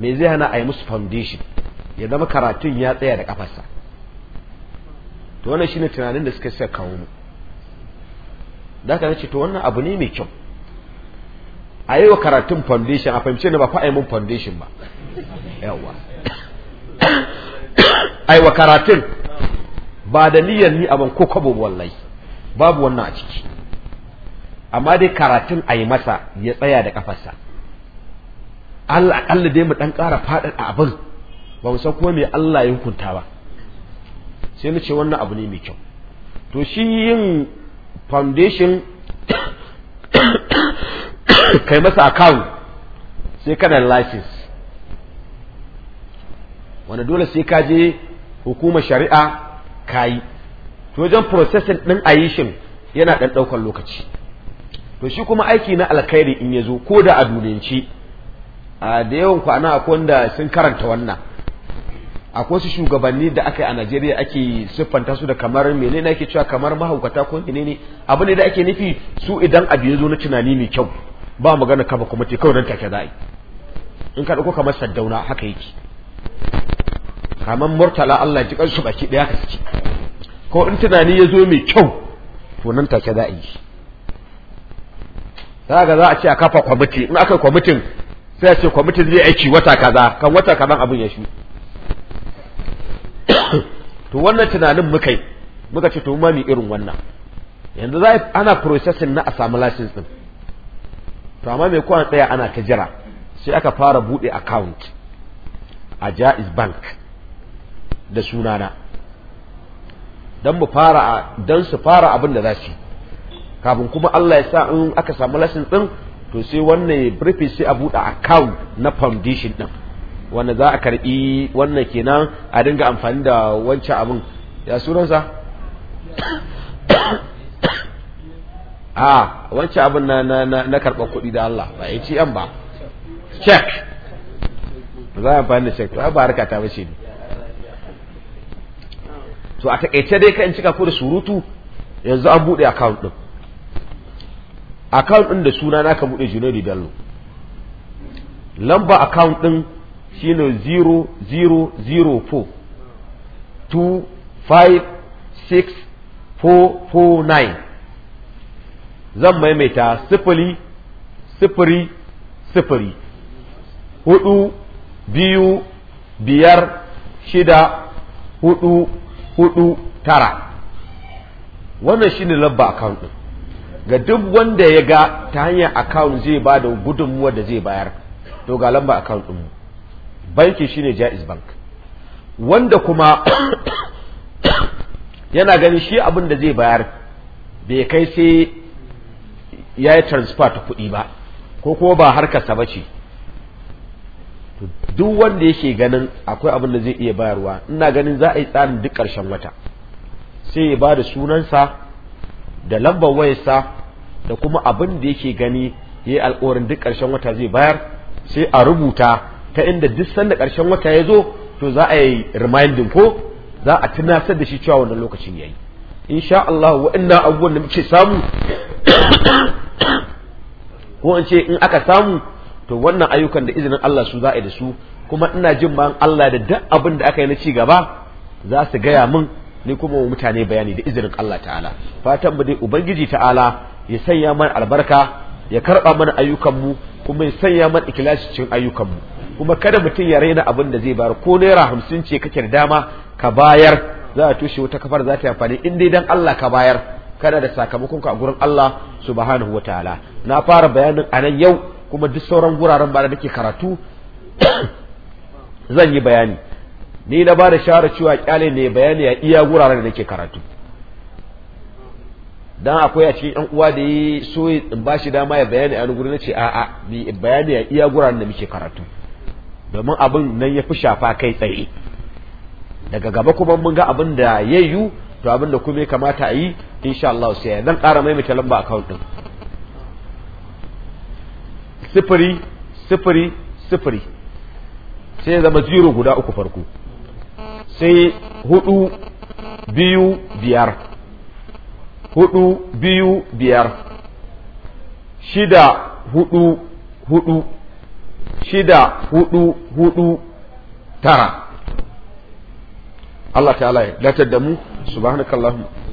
me zai hana a yi musu foundation ya zama karatun ya tsaya da kafarsa to wannan shine tunanin da suka saka kawo mu da ka ce to wannan abu ne mai kyau a yi wa karatun foundation a fahimce ne ba fa a mun foundation ba yawa a yi wa karatun ba da niyyar ni abin ko kwabo wallahi babu wannan a ciki amma dai karatun a yi masa ya tsaya da kafarsa Allah akalla dai mu dan ƙara a abin ba mu san kuma me Allah ya hukunta ba sai na ce wannan abu ne mai kyau to shi yin foundation kai masa account sai kana license wanda dole sai ka je hukumar shari'a ka yi to wajen processing ɗin ayishin yana ɗan ɗaukar lokaci to shi kuma aiki na alkhairi in ya zo ko da a duniyance a da yawan kwana akwai wanda sun karanta wannan akwai su shugabanni da aka yi a Najeriya ake siffanta su da kamar menene ake cewa kamar mahaukata ko menene abu ne da ake nufi su idan abu ya zo na tunani mai kyau ba magana kafa kwamiti kawai don take za'a in ka ɗauko kamar saddauna haka yake kamar murtala Allah ji kansu baki ɗaya ka suke ko in tunani ya zo mai kyau to nan take za'a yi za ga za a ce a kafa kwamiti in aka kwamitin sai a ce kwamitin zai aiki wata kaza kan wata kaza abin ya shi to wannan tunanin muka yi muka ce to ma irin wannan yanzu za ana processing na a samu license din to amma mai kwan tsaya ana ta jira sai aka fara buɗe account a Jaiz Bank da sunana don mu fara don su fara abin da za su kafin kuma Allah ya sa in aka samu lashin din to sai wannan ya sai a buɗe account na foundation ɗin wanda za a karbi wannan kenan a dinga amfani da wancan abin ya sunansa a wancan abin na na na na karɓa kuɗi da Allah ba ATM ba check ba za a fahimta da check ba ba harka ta bace ne to a takaice dai kan cika ko da surutu yanzu an buɗe account ɗin account ɗin da suna naka buɗe Junairu Bello lamba account ɗin shine 0004 2 5 6 4 4 9 zan maimaita sifili sifiri sifiri hudu biyu biyar shida hudu hudu tara wannan shine lamba account din ga duk wanda ya ga ta hanyar account zai ba da gudunmuwa da zai bayar to ga lamba account din banki shine jaiz bank wanda kuma yana ganin shi abin da zai bayar bai kai sai ya yi transfer ta kuɗi ba ko kuma ba harkarsa ba ce duk wanda yake ganin akwai abin da zai iya bayarwa ina ganin za a yi tsarin duk ƙarshen wata sai ya ba da sunansa da lambar wayarsa da kuma abin da yake gani ya yi alƙawarin duk ƙarshen wata zai bayar sai a rubuta ta inda duk sanda ƙarshen wata ya zo to za a yi reminding ko za a tunasar da shi cewa wannan lokacin ya yi insha Allah wa'annan abubuwan da muke samu ko in ce in aka samu to wannan ayyukan da izinin Allah su za a yi da su kuma ina jin bayan Allah da duk abin da aka yi na ci gaba za su gaya mun ni kuma wa mutane bayani da izinin Allah ta'ala fatan mu dai ubangiji ta'ala ya sanya mana albarka ya karba mana ayyukan mu kuma ya sanya mana ikhlasi cikin ayyukan mu kuma kada mutum ya raina abin da zai bayar ko naira hamsin ce kake da dama ka bayar za a tushe wata kafar za ta yi amfani in dai dan Allah ka bayar kana da sakamakon ka a gurin Allah subhanahu wa ta'ala na fara bayanin a nan yau kuma duk sauran guraren ba da nake karatu zan yi bayani ni na ba da shawara cewa kyale ne bayani a iya guraren da nake karatu dan akwai a cikin yan uwa da yi so in ba shi dama ya bayani a wani na ce a'a ni bayani a iya guraren da muke karatu domin abin nan ya fi shafa kai tsaye daga gaba kuma mun ga abin da ya yu to abin da kuma ya kamata a yi insha Allah sai zan ƙara maimaita lamba account din sifiri sifiri sifiri sai ya zama zero guda uku farko sai hudu biyu biyar hudu biyu biyar shida hudu hudu shida hudu hudu tara Allah ta'ala ya datar da mu subhanakallahumma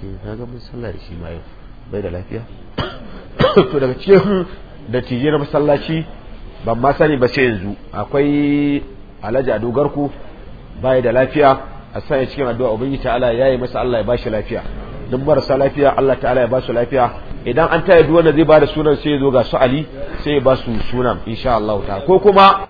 ke kaga mun sallah da shi ma yau bai da lafiya to daga cikin dattijai na masallaci ban ma sani ba sai yanzu akwai alhaji a dogarku bai da lafiya a sanya cikin addu'a ubangiji ta'ala yayi masa Allah ya bashi lafiya duk marasa lafiya Allah ta'ala ya ba su lafiya idan an taya duwan wanda zai ba da sunan sai ya zo ga su Ali sai ya ba su sunan insha Allah ta ko kuma